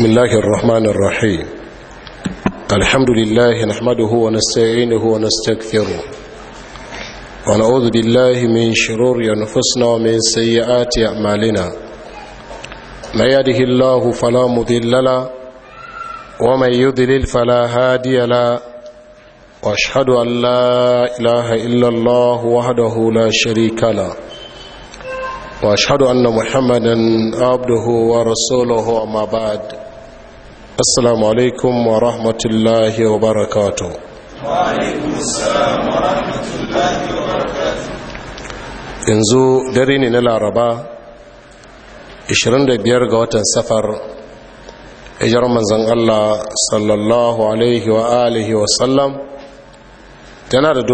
بسم الله الرحمن الرحيم الحمد لله نحمده ونستعينه ونستكثره ونعوذ بالله من شرور أنفسنا ومن سيئات أعمالنا ما يده الله فلا مضل له ومن يضلل فلا هادي له واشهد ان لا اله الا الله وحده لا شريك له واشهد ان محمدا عبده ورسوله اما بعد assalamu alaikum wa rahmatullahi wa barakatu yanzu dare ne na laraba 25 ga watan safar ijar manzon Allah sallallahu alaihi wa alihi wa sallam tana da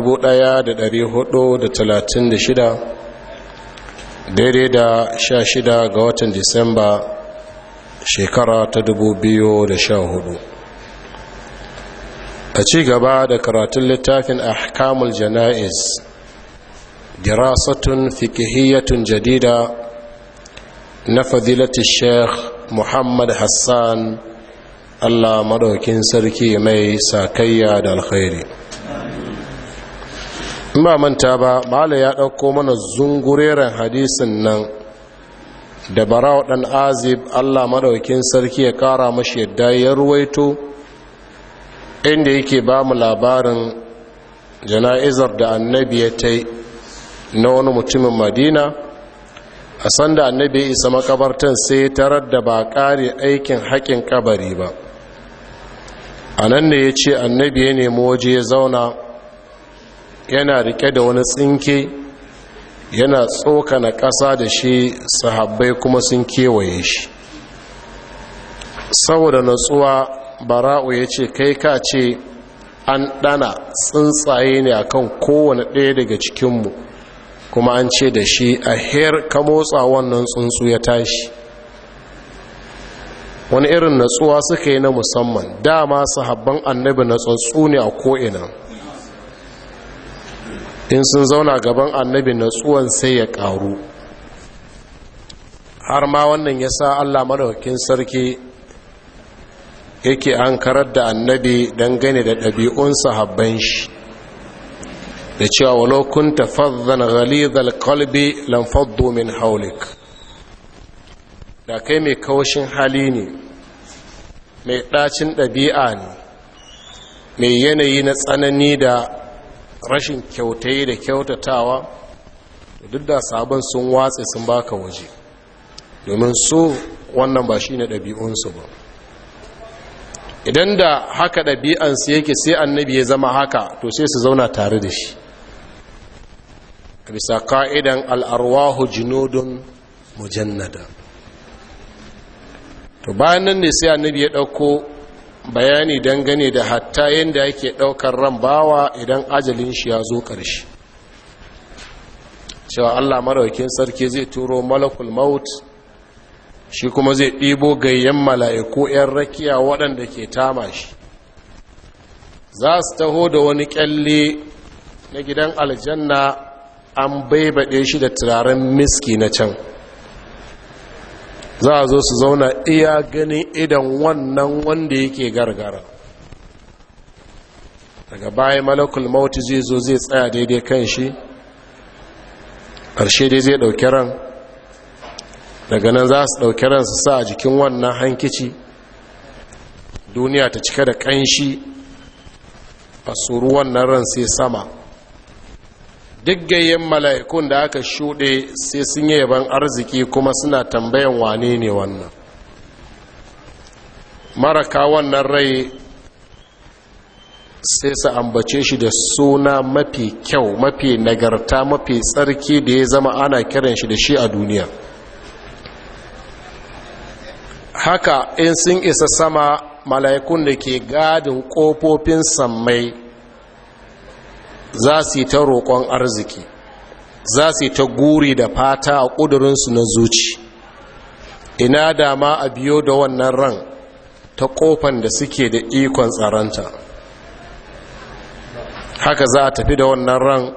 shida daidai da sha shida ga watan disamba shekara ta dubu biyu da sha hudu. a ci gaba da karatun littafin ahkamul jana'iz dirasatun fikihiyatun jadida na fadilati sheikh muhammad hassan allah madaukin sarki mai sakayya da alkhairi in ba manta ba ba ya ɗauko mana zungureren hadisin nan da barawa ɗan azib Allah maɗaukin sarki ya ƙara mashi yadda ya ruwaito inda yake ba mu labarin jana'izar da annabi ya tai na wani mutumin madina a sanda annabi ya isa makabartan sai ya tarar da ba kare aikin haƙin kabari ba a nan ne ya ce annabi ya nemi waje ya zauna yana riƙe da wani tsinke yana tsokana ƙasa da shi sahabbai kuma sun kewaye shi saboda natsuwa bara'u ya ce kai ka ce an ɗana tsuntsaye ne a kan kowane ɗaya daga cikinmu kuma an ce da shi a her ka motsa wannan tsuntsu ya tashi wani irin natsuwa suka yi na musamman dama sahabban annabi na tsuntsu ne a ko'ina in sun zauna gaban annabi natsuwan sai ya ƙaru har ma wannan ya sa allah madaukakin sarki yake an karar da annabi dangane da ɗabi'un sahabban shi da cewa walau kun fazzan ghalidhal kalbi lam min haulik da kai mai kaushin hali ne mai ɗacin ɗabi'a ne mai yanayi na tsanani da rashin kyautai da kyautatawa duk da sabon sun watse sun baka waje domin so wannan ba shi ne ɗabi'unsu ba idan da haka ɗabi'ansu yake sai annabi ya zama haka to sai su zauna tare da shi bisa ka'idan al'arwahu jinodun mujannada to bayan nan ne sai annabi ya ɗauko bayani dangane da hatta yadda yake ɗaukar ran bawa idan ajalin shi ya zo ƙarshe cewa allah maraukin sarki zai turo malakul maut shi kuma zai ɗibo gayyen mala'iku 'yan rakiya waɗanda ke tama shi za su taho da wani ƙyalle na gidan aljanna an baibaɗe shi da turaren miski na can za a zo su zauna iya ganin idan wannan wanda yake gargara daga bayan malakul mauti zai zo zai tsaya daidai kan shi ƙarshe dai zai ɗauki ran daga nan za su ɗauki ran su sa a jikin wannan hankici duniya ta cika da ƙanshi a tsoro wannan ran sai sama diggayen mala'ikun da aka shuɗe sai sun yi yaban arziki kuma suna tambayan wane ne wannan maraka wannan rai sai su ambace shi da suna mafi kyau mafi nagarta mafi tsarki da ya zama ana kiran shi da shi a duniya haka in sun isa sama mala'ikun da ke gadin kofofin sammai za su yi ta roƙon arziki za su yi ta guri da fata a ƙudurinsu na zuci ina dama a biyo da wannan ran ta ƙofan da suke da ikon tsaranta haka za a tafi da wannan ran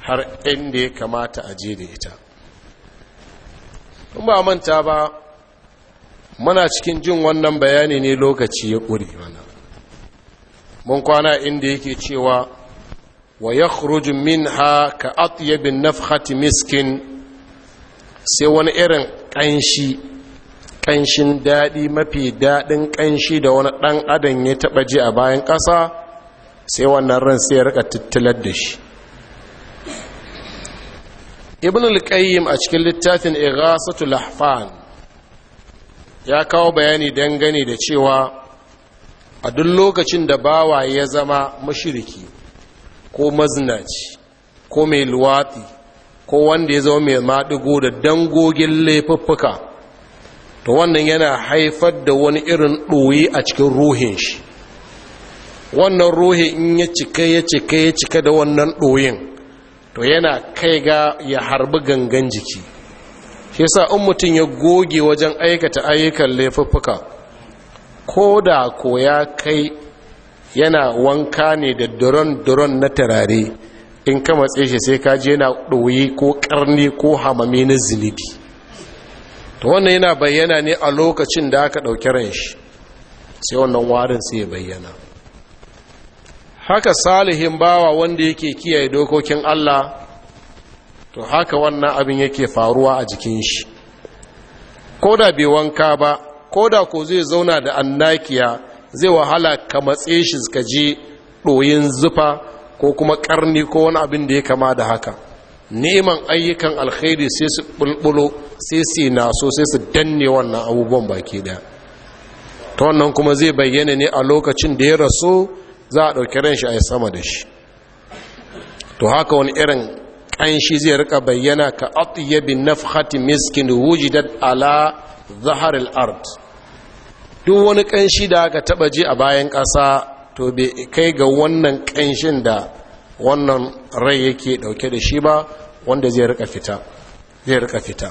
har inda ya kamata a je da ita ba manta ba muna cikin jin wannan bayani ne lokaci ya ƙure mana mun kwana inda yake cewa wa ya minha ka atyabin nafhati miskin sai wani irin ƙanshi daɗi mafi daɗin ƙanshi da wani ɗan adam ya taɓa ji a bayan ƙasa sai wannan ran sai ya rika tattalar da shi ibn al a cikin littafin ighasatul lahfan ya kawo bayani dangane da cewa a duk lokacin da bawa ya zama mushiriki. ko mazinaci ko mai luwaɗi ko wanda ya zama mai maɗigo da dangogin laifuffuka to wannan yana haifar da wani irin ɗoyi a cikin ruhin shi wannan ruhi in ya cika ya cika ya cika da wannan ɗoyin to yana kai ga ya harbi gangan jiki shi yasa in mutum ya goge wajen aikata ayyukan laifuffuka ko da ko ya kai yana wanka ne da duron-duron na tarare in ka matse shi sai ka je yana ɗoyi ko ƙarni ko hamami na zinibi to wannan yana bayyana ne a lokacin da aka ɗauki ran shi sai wannan warin sai ya bayyana haka salihin bawa wanda yake kiyaye dokokin Allah to haka wannan abin yake faruwa a jikin shi ko da bai wanka ba ko da ko zai zauna da annakiya zai wahala ka matse shi ka je ɗoyin zufa ko kuma ƙarni ko wani abin da ya kama da haka neman ayyukan alkhairi sai su bulbulo sai su naso sai su danne wannan abubuwan baki daya ta wannan kuma zai bayyana ne a lokacin da ya rasu za a ɗauki ran shi a yi sama da shi to haka wani irin ƙanshi zai rika bayyana ka atiyabin nafhati miskin wujidat ala zahar al-ard duk wani ƙanshi da aka taba ji a bayan ƙasa to bai kai ga wannan ƙanshin da wannan rai yake ɗauke da shi ba wanda zai rika fita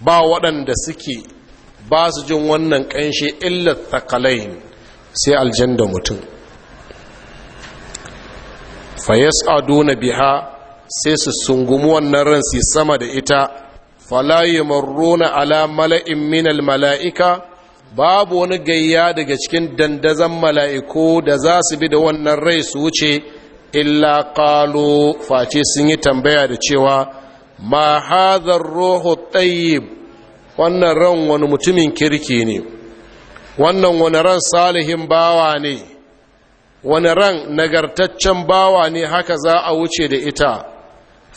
ba waɗanda suke ba su jin wannan ƙanshi illar takalain, sai aljan da mutum fayas aduna biha sai su sungumu wannan ran su sama da ita falayi marruna ala mala'in minal mala'ika babu wani gayya daga cikin dandazan mala'iku da za su bi da wannan rai su wuce illa ƙalo face sun yi tambaya da cewa ma roho tsayib wannan ran wani mutumin kirki ne wannan wani ran salihin bawa ne wani ran nagartaccen bawa ne haka za a wuce da ita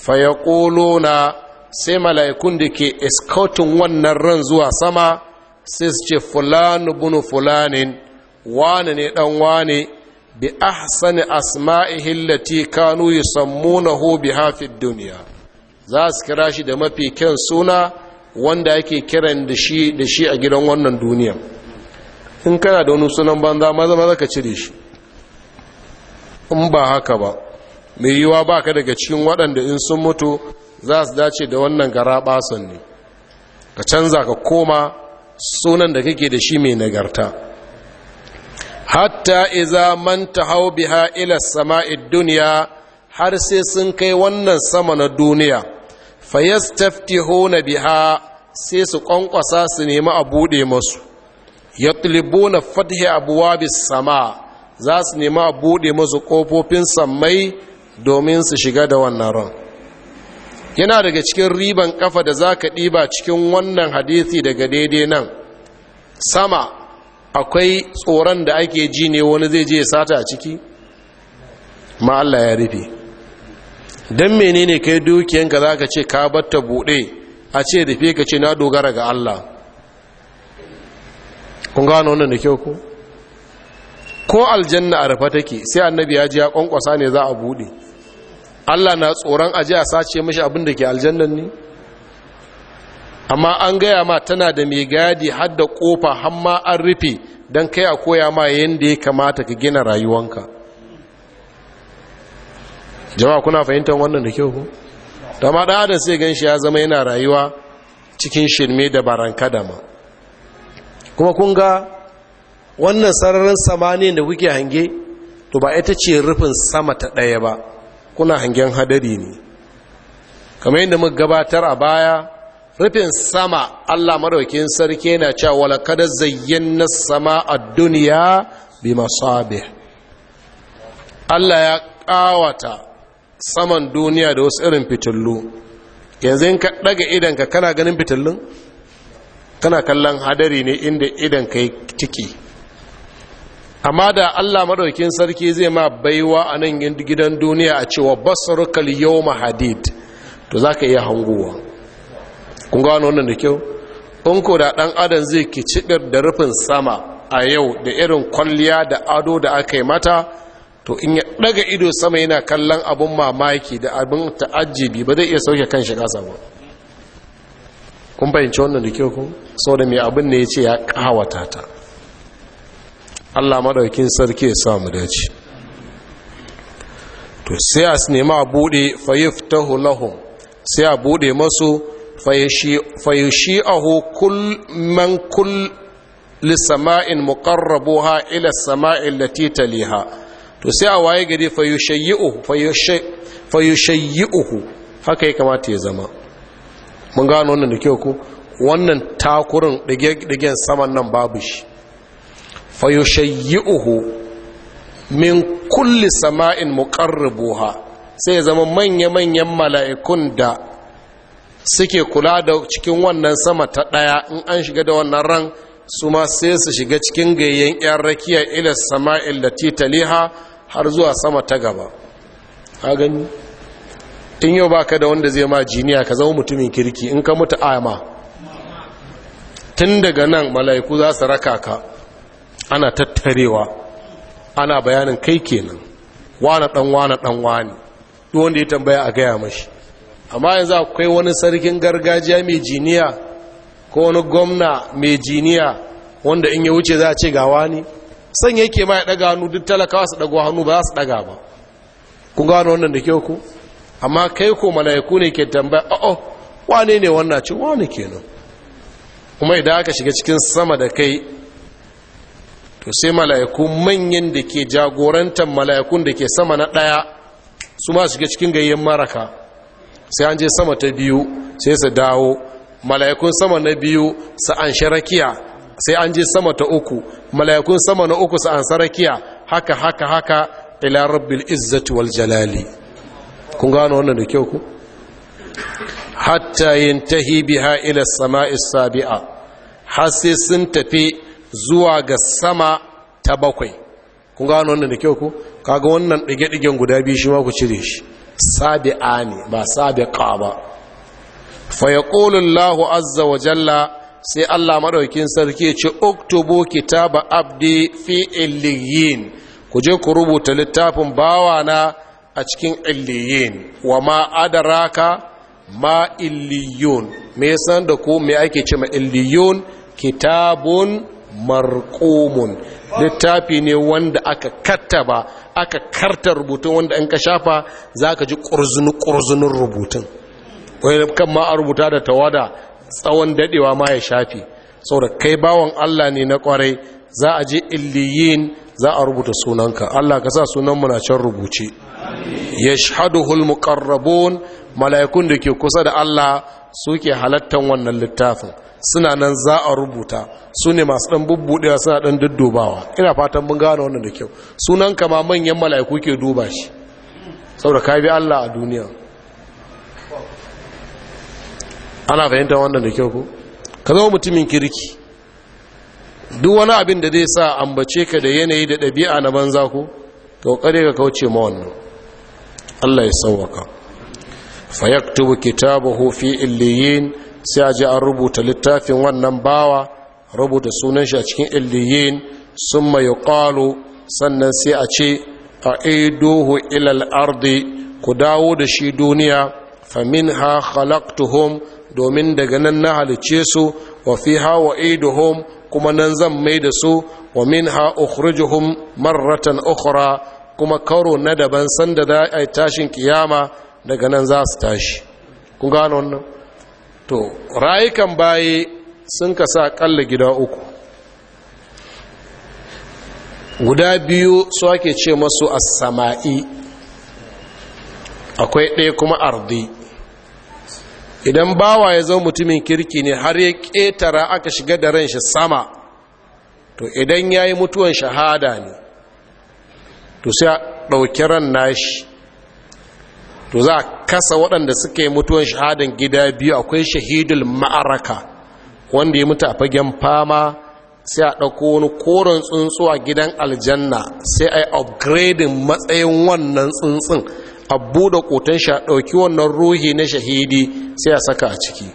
Fayakolo na sai mala'ikun da ke iskautin wannan ran zuwa sama sis ce fulani bunu fulani wane ne dan wane bi ahsani Hillati, hillati kanu hu bi hafi dunya za su kira shi da mafi kyan suna wanda yake kiran da shi da shi a gidan wannan duniya in kana da wani sunan banza maza maza ka cire shi in ba haka ba mai yiwa ba ka daga cikin waɗanda in sun mutu za su dace da wannan gara basan ne ka canza ka koma sunan da kake da shi mai nagarta hatta iza man biha ila sama'i duniya har sai sun kai wannan sama na duniya fayastaftihuna biha sai su ƙwanƙwasa su nemi a bude masu yatlibuna fathi abwabis sama za su nemi a bude masu ƙofofin sammai domin su shiga da wannan ran yana daga cikin riban kafa da za ka ɗiba cikin wannan hadisi daga daidai nan sama akwai tsoron da ake ji ne wani zai je sata a ciki ma Allah ya rufe don menene kai dukiyanka za ka ce ka batta buɗe a ce rufe ka ce na dogara ga Allah kun gano wannan da kyau ko? ko aljanna a rufe take sai annabi ya ji ya kwankwasa ne za a buɗe Allah na tsoron aje a sace mashi abin da ke aljannan ne amma an gaya ma tana da mai gadi har da kofa hamma an rufe don kai a koya ma yadda ya kamata ka gina rayuwanka jama'a kuna fahimtar wannan da kyau ku da ma da sai gan shi ya zama yana rayuwa cikin shirme da baranka dama. kuma kun ga wannan sararin samaniyar da kuke hange to ba ita ce rufin sama ta ɗaya ba kuna hangen hadari ne kamar yadda muka gabatar a baya rufin sama Allah maraukin sarki yana cewa walakad zayyana sama duniya dunya bi masabih Allah ya kawata saman duniya da wasu irin fitillu yanzu in ka daga idanka kana ganin fitillun kana kallon hadari ne inda idanka ya tiki amma da Allah maɗaukin sarki zai ma baiwa a nan gidan duniya a cewa basarukal yau hadid to za ka iya hanguwa kun gano wannan da kyau in ko da dan adam zai kicibir da rufin sama a yau da irin kwalliya da ado da aka yi mata to in ya ɗaga ido sama yana kallon abin mamaki da abin ta'ajjibi ba zai iya sauke kan shi kasa ba kun bayanci wannan da kyau kun da mai abin ne ya ce ya ƙawata ta Allah madaukin sarki ya samu dace to sai a nema bude fayiftahu lahum sai a bude masu fayushi'ahu kul man kul lissama'in muqarrabuha ila sama'in lati taliha to sai a waye gari fayushayyi'uhu fayushayyi'uhu haka ya kamata ya zama mun gano wannan da kyau ko wannan takurin digen saman nan babu shi fayushayyi'uhu min kulli sama'in muqarribuha sai ya zama manya-manyan mala'ikun da suke kula da cikin wannan sama ta ɗaya in an shiga da wannan ran su ma sai su shiga cikin gayyen 'yan rakiya ila sama'il da titaliha har zuwa sama ta gaba a gani in yau baka da wanda zai ma jiniya ka zama mutumin kirki in ka mutu ama tun daga nan mala'iku za su raka ka ana tattarewa ana bayanin kai kenan wane dan wane dan wane duk wanda ya tambaya a gaya mashi amma yanzu akwai wani sarkin gargajiya mai jiniya ko wani gwamna mai jiniya wanda in ya wuce za a ce ga wani san yake ma ya daga hannu duk talakawa su daga hannu ba za su daga ba kun gano wannan da kyau ku amma kai ko mala'iku ne ke tambaya a'a oh, oh, wane ne wannan ci wane kenan kuma idan aka shiga cikin sama da kai to sai mala'iku manyan da ke jagorantar mala'ikun da ke sama na ɗaya su ma shiga cikin gayyen maraka sai an je sama ta biyu sai su dawo mala'ikun sama na biyu su an sharakiya sai an je sama ta uku mala'ikun sama na uku su an sarakiya haka haka haka ila rabbil izzati wal jalali kun gano wannan da kyau ku hatta yantahi biha ila sama'is sabi'a har sai sun tafi zuwa ga sama ta bakwai kun gano wannan da kyau ku kaga wannan ɗige-ɗigen guda biyu shi ma ku cire shi sabi'a ne ba sabiqa ba fa yaqulu Allahu azza wa jalla sai Allah maɗaukin sarki ya ce uktubu kitaba abdi fi illiyin ku je ku rubuta littafin bawa na a cikin illiyin wa ma adaraka ma illiyun me san da ku me ake ce ma illiyun kitabun marqumun littafi ne wanda aka kattaba aka karta rubutun wanda in ka shafa zaka ji kurzunu kurzunin rubutun wai kan ma a rubuta da tawada tsawon dadewa ma ya shafi saboda kai bawan Allah ne na kwarai za a je illiyin za a rubuta sunanka Allah ka sa sunanmu na can rubuce yashhaduhul muqarrabun mala'ikun da ke kusa da Allah suke halattan wannan littafin suna nan za a rubuta su ne masu ɗan bubbuɗewa suna ɗan daddobawa ina fatan mun gane wannan da kyau sunan kama manyan mala'iku ke duba shi saboda ka bi Allah a duniya ana fahimta wannan da kyau ko ka zama mutumin kirki duk wani abin da zai sa ambace ka da yanayi da ɗabi'a na banza ko kare ka kauce ma wannan Allah ya sauwaka fayaktubu kitabahu fi illiyin sai a je an rubuta littafin wannan bawa rubuta sunan shi a cikin illiyin sun mai ƙwalo sannan sai a ce a idohu ilal ardi ku dawo da shi duniya famin ha khalaqtuhum domin daga nan na halice su wa fi hawa wa idohum kuma nan zan mai da su wa min ha ukhrijuhum marratan ukhra kuma karo na daban sanda da ai tashin kiyama daga nan za su tashi gano wannan to rayukan baye sun kasa kalla gida uku guda biyu su ake ce masu asama'i akwai ɗaya kuma ardi idan bawa ya zo mutumin kirki ne har ya ƙetara aka shiga da ran shi sama to idan ya yi mutuwan shahada ne to sai a ɗauki ran nashi to za a kasa waɗanda suka yi mutuwan shahadan gida biyu akwai shahidul ma'araka wanda ya mutu a fagen fama sai a ɗauko wani koren tsuntsu a gidan aljanna sai a yi upgrading matsayin wannan tsuntsun a buɗe ƙoton shi a ɗauki wannan ruhi na shahidi sai a saka a ciki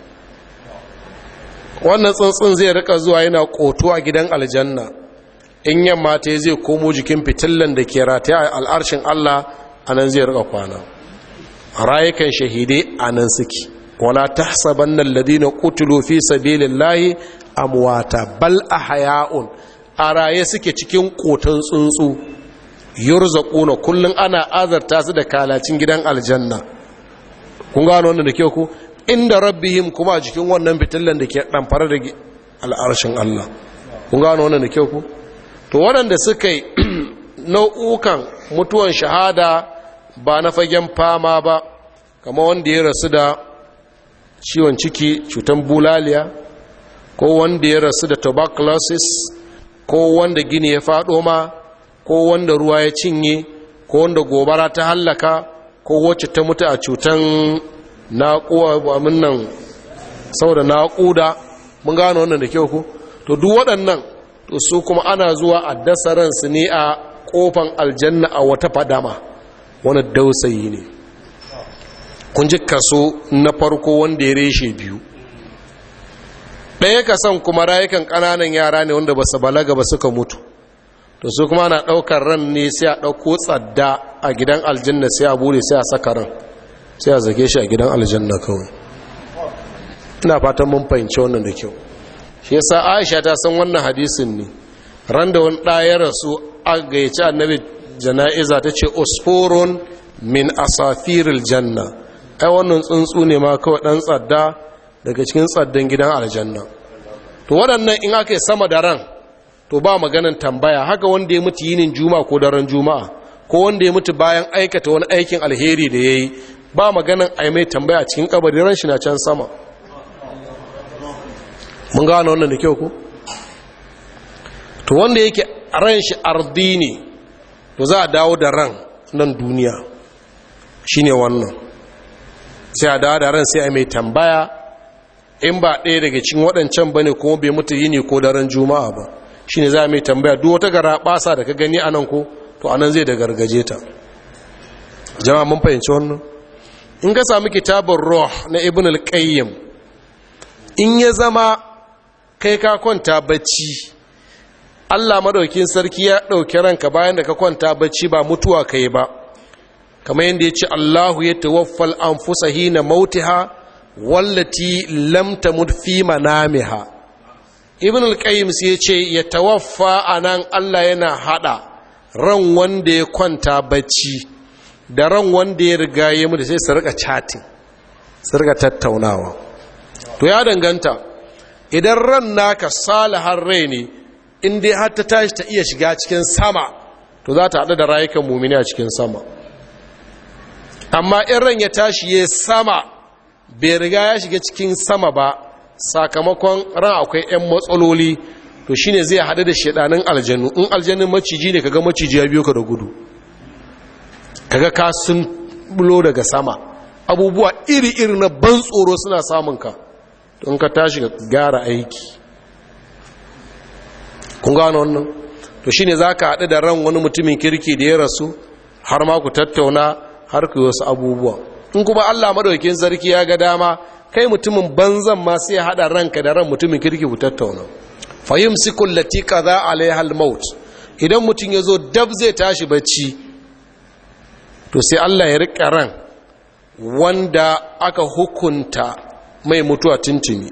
wannan tsuntsun zai rika zuwa yana ƙoto a gidan aljanna in yamma ta zai komo jikin fitillan da ke rataye a al'arshin allah a nan zai rika kwana rayukan shahidai a nan suke wala nan ladina qutilu fi sabilin layi amwata bal a hayaun. a raye suke cikin kotun tsuntsu kuna kullum ana azarta su da kalacin gidan aljanna kun gano wannan da ke ku inda rabbihim kuma a cikin wannan fitillan da ke damfara da al'arshin Allah kun gano wannan da ke ku to waɗanda suka yi nau'ukan mutuwan shahada ba na fagen fama ba kama wanda ya rasu da ciwon ciki cutan bulaliya ko wanda ya rasu da tuberculosis ko wanda gini ya faɗo ma ko wanda ruwa ya cinye ko wanda gobara ta hallaka ko wacce ta mutu a cutan naƙuwa amin nan saboda naƙuda mun gano wannan da kyau ku to duk waɗannan to su kuma ana zuwa a dasa ransu ne a ƙofan aljanna a wata fadama wani dausayi ne kun ji kaso na farko wanda ya reshe biyu ɗaya kasan kuma rayukan ƙananan yara ne wanda ba su balaga ba suka mutu to su kuma na ɗaukar ran ne sai a ɗauko tsada a gidan aljanna sai a bude sai a saka ran sai a zage shi a gidan aljanna kawai ina fatan mun fahimci wannan da kyau shi yasa aisha ta san wannan hadisin ne ran da wani ɗaya rasu a gayyaci annabi jana'iza ta ce Osporon min asafiril janna ai wannan tsuntsu ne ma kawai dan tsadda daga cikin tsaddan gidan aljanna to waɗannan in aka yi sama da ran to ba maganan tambaya haka wanda ya mutu yinin juma'a ko daren juma'a ko wanda ya mutu bayan aikata wani aikin alheri da ya yi ba maganan a mai tambaya cikin kabari ran shi na can sama mun gano wannan da kyau ku to wanda yake ran shi ardi ne to za a dawo da ran nan duniya shine wannan sai a dawo da ran sai a mai tambaya in ba ɗaya daga cikin waɗancan ba ne kuma bai mutu ne ko daren juma'a ba shine za a mai tambaya duk wata gara ɓasa da ka gani a nan ko to anan zai da gargaje ta jama'a mun fahimci wannan in ka samu kitabun roh na ibn al-qayyim in ya zama kai ka kwanta bacci Allah maɗaukin sarki ya ɗauki ranka bayan da ka kwanta bacci ba mutuwa kai ba kamar yadda ya ce Allahu ya tawaffal anfusa hina mautiha wallati lam tamut fi manamiha ibn al-qayyim sai ya ce ya tawaffa anan Allah yana hada ran wanda ya kwanta bacci da ran wanda ya riga ya mutu sai su chatin sarka tattaunawa to ya danganta idan ran naka salihar rai ne in dai har ta tashi ta iya shiga cikin sama to za ta haɗu da rayukan mumini a cikin sama amma in ran ya tashi ya sama bai riga ya shiga cikin sama ba sakamakon ran akwai 'yan matsaloli to shine zai haɗu da shaɗanin aljanu in aljanu maciji ne kaga maciji ya biyo ka da gudu kaga ka sun bulo daga sama abubuwa iri-iri na ban tsoro suna samun ka don ka tashi ga gara aiki kun gano wannan to shine zaka haɗu da ran wani mutumin kirki da ya rasu har ma ku tattauna har ku wasu abubuwa in kuma Allah madaukakin sarki ya ga dama kai mutumin banzan ma sai ya haɗa ranka da ran mutumin kirki ku tattauna fayumsiku lati qada alaiha almaut idan mutum ya zo dab zai tashi bacci to sai Allah ya rika ran wanda aka hukunta mai mutuwa tuntuni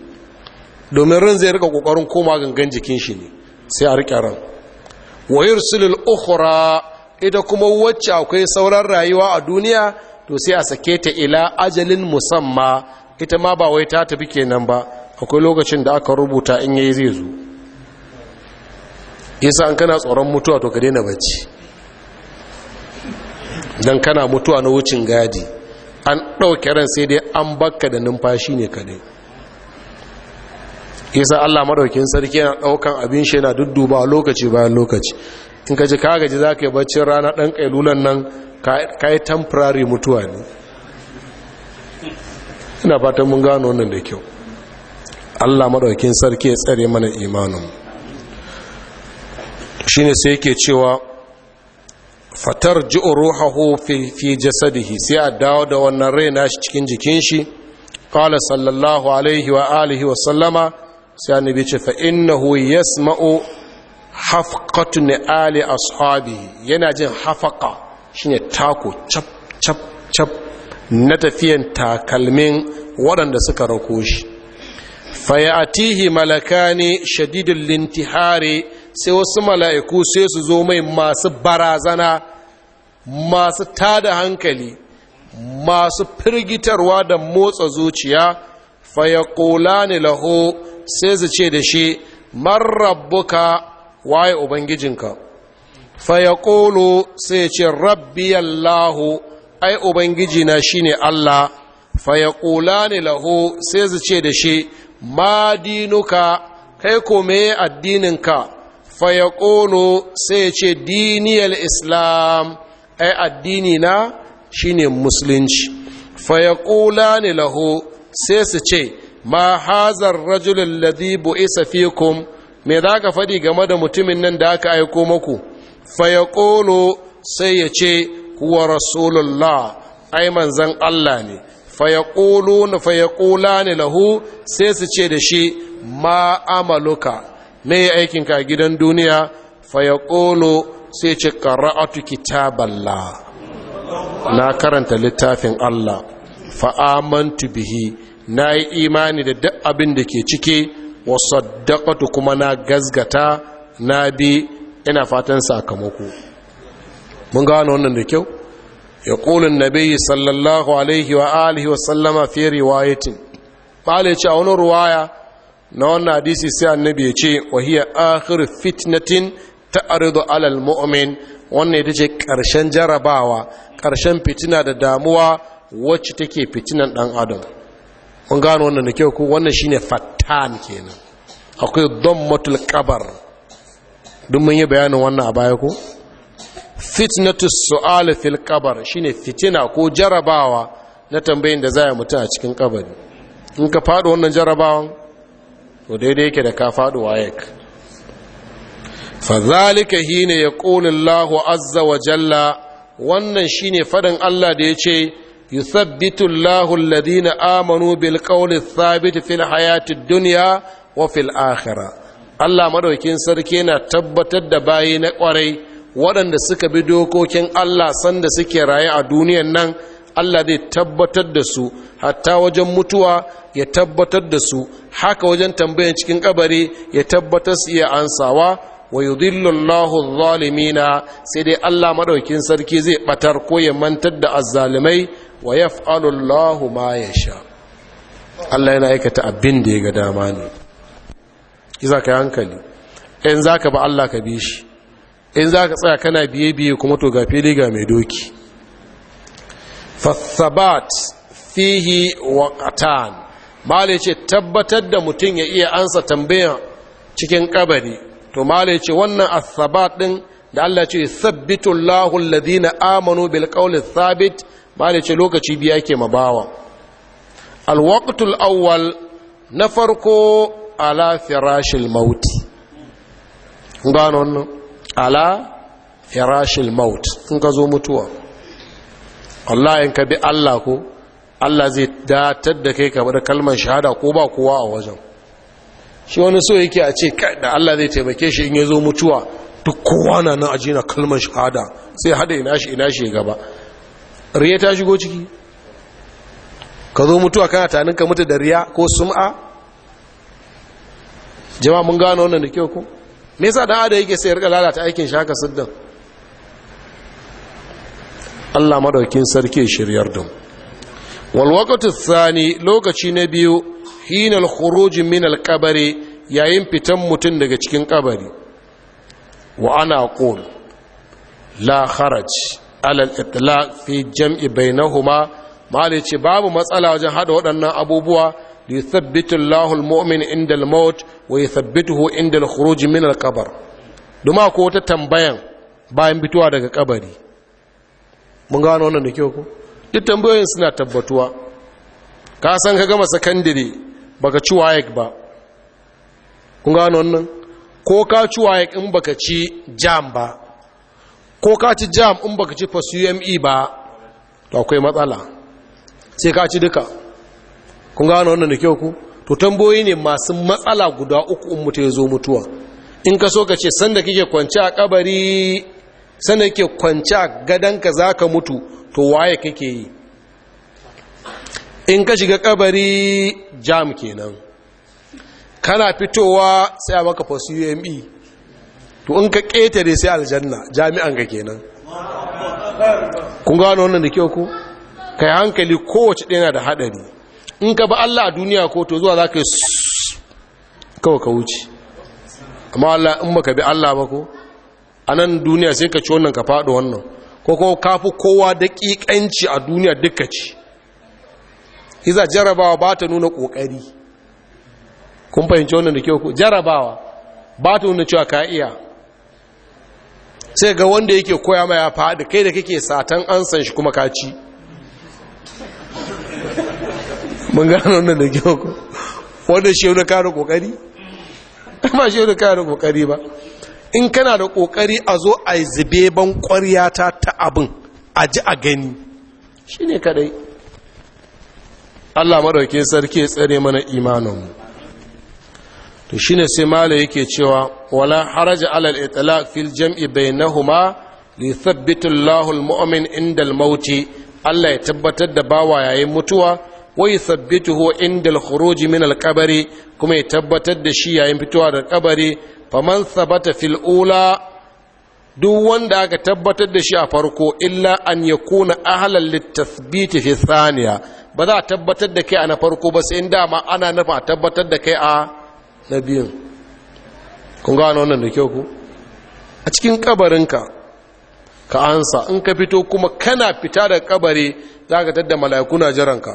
domin ran zai rika kokarin koma gangan jikin shi ne sai a riƙe ran wayar yursilul ukhra ita kuma wacce akwai sauran rayuwa a duniya to sai a sake ta ila ajalin musamma ita ma ba wai ta tafi kenan ba akwai lokacin da aka rubuta in yayi zai zo yasa an kana tsoron mutuwa to ka daina bacci dan kana mutuwa na wucin gadi an ɗauke ran sai dai an bakka da numfashi ne kadai isa Allah madaukin sarki yana daukan abin shi yana dudduba lokaci bayan lokaci in ka ji ka gaji za ka yi baccin rana ɗan ƙailunan nan ka yi temporary mutuwa ne ina fatan mun gano wannan da kyau Allah maɗaukin sarki ya tsare mana imanin shine sai yake cewa fatar ji ruhahu fi jasadihi sai a dawo da wannan rai nashi cikin jikin shi qala sallallahu alaihi wa alihi wa sallama sai annabi ce fa innahu yasma'u hafqatun ali ashabihi yana jin hafaka shine tako cap cap cap na tafiyan takalmin waɗanda suka rako shi ya'tihi malakani shadidul lintihari sai wasu mala'iku sai su zo mai masu barazana masu tada hankali masu firgitarwa da motsa zuciya yaqulani laho sai su ce da shi marrabbuka waye ubangijinka fa ya ƙolo sai ya ce rabbi yallahu ai ubangijina shine allah fa ya ƙula ne laho sai su ce da shi ma dinuka kai kome me addininka fa ya ƙolo sai ce diniyar islam ai addini na ne musulunci fa ne laho sai su ce Mahazar hazar rajulun ladhi bu'isa fikum me za ka faɗi game da mutumin nan da aka aiko maku Fayakolo sai ya ce huwa rasulullah ai manzan Allah ne Fayakolo na fayakola yaqulani lahu sai su ce da shi ma amaluka me aikin ka gidan duniya Fayakolo sai ce qara'atu kitaballah na karanta littafin Allah fa'amantu bihi na yi imani da duk abin da ke ciki wa saddaqatu kuma na gazgata na bi ina fatan sakamako mun gano wannan da kyau ya ƙulun nabi sallallahu alaihi wa alihi wa sallama fi riwayatin bala ce a wani ruwaya na wannan hadisi sai annabi ya ce wa hiya akhir fitnatin arzu alal mu'min wannan ita ce ƙarshen jarabawa ƙarshen fitina da damuwa wacce take fitinan ɗan adam mun gano wannan da kyau ko wannan shi shine fattan kenan akwai don matul kabar. duk mun yi bayanin wannan a baya ko fitnatus su'al fil shi shine fitina ko jarabawa na tambayin da za a mutum a cikin kabari in ka faɗi wannan jarabawan to daidai yake da ka faɗi wayek fadhalika ya yaqulu Allahu azza wa jalla wannan shine fadin Allah da yace yuthabbitu Allahu alladhina amanu bil qawli thabit fil hayatid dunya wa fil Allah madaukin sarki na tabbatar da bayi na kwarai waɗanda suka bi dokokin Allah sanda suke raye a duniyan nan Allah zai tabbatar da su hatta wajen mutuwa ya tabbatar da su haka wajen tambaya cikin kabari ya tabbatar su iya ansawa wa yudhillu Allahu zalimina sai dai Allah madaukin sarki zai batar ko ya mantar da azzalimai wa yaf'alu Allahu ma sha Allah yana aikata abin da ya ga dama ne iza ka hankali in za ka ba Allah ka bi shi in ka tsaya kana biye biye kuma to ga fili ga mai doki Fassabat fihi waqatan malai ce tabbatar da mutum ya iya ansa tambaya cikin kabari to malai ce wannan athabat din da Allah ce sabbitullahu alladhina amanu bil qawli thabit ba ce lokaci biya ke mabawa alwaktul awwal na farko ala firashil mauti gano wannan ala firashil maut in ka zo mutuwa Allah in bi Allah ko Allah zai datar da kai kamar kalmar shahada ko ba kowa a wajen shi wani so yake a ce da Allah zai taimake shi in ya zo mutuwa duk kowa na nan ajina kalmar shahada sai hada ina shi ina shi gaba riya ta shigo ciki ka zo mutuwa kana tanin ka mutu da riya ko sum'a jama'a mun gano wannan da kyau ko me yasa dan adam yake sai ya rika lalata aikin shi haka siddan Allah madaukin sarki shiryar da mu wal waqtu lokaci na biyu hina al khuruj min al yayin fitan mutum daga cikin kabari wa ana qul la kharaj alal itlaq fi jam'i bainahuma mali ce babu matsala wajen hada waɗannan abubuwa da ya Allahu al-mu'min inda al-maut wa yuthabbituhu inda al-khuruj min al-qabr duma ko wata tambayan bayan bituwa daga kabari mun gano wannan da kyau ko duk tambayoyin suna tabbatuwa ka san ka gama sakandire baka ci wayek ba kun gano wannan ko ka ci wayek in baka ci jam ba ko ka ci jam in baka ci ume ba to akwai matsala sai ka ci duka kun gano wannan da kyau ku to tamboyi ne masu matsala guda uku in mutu ya zo mutuwa in ka so ka ce sanda kike kwance a kabari sanda kike kwance a gadanka ka mutu to waye kake yi in ka shiga kabari jam kenan kana fitowa sai a maka ume to in ka ƙetare sai aljanna jami'an ka kenan kun gano wannan da kyau ko kai hankali kowace ɗaya da haɗari in ka ba Allah a duniya ko to zuwa za ka yi kawai ka wuce amma Allah in baka bi Allah ba ko a nan duniya sai ka ci wannan ka faɗo wannan ko kuma ka fi kowa da ƙiƙanci a duniya duka ci iza jarabawa ba ta nuna ƙoƙari kun fahimci wannan da kyau ko jarabawa ba ta nuna cewa ka iya sai ga wanda yake koya ma ya faɗi kai da kake satan an san shi kuma kaci mun gano nan da kyau ko wanda shi yau da kare kokari amma shi yau da kare kokari ba in kana da kokari a zo a zube ban ƙwarya ta ta abin a ji a gani shi ne kadai Allah maɗauke sarki ya tsare mana imaninmu to shine sai mala yake cewa wala haraja alal itlaq fil jam'i bainahuma li thabbita Allahu al mu'min inda al mauti Allah ya tabbatar da bawa yayin mutuwa wa yuthabbituhu inda al khuruj min al kuma ya tabbatar da shi yayin fitowa daga kabari faman thabata fil ula duk wanda aka tabbatar da shi a farko illa an yakuna ahlan lit tathbiti fi thaniya ba za a tabbatar da kai a na farko ba sai in dama ana nufa tabbatar da kai a na biyun kun gano wannan da kyau ku a cikin kabarinka ka ansa in ka fito kuma kana fita da kabari za ka tadda mala'iku na jiranka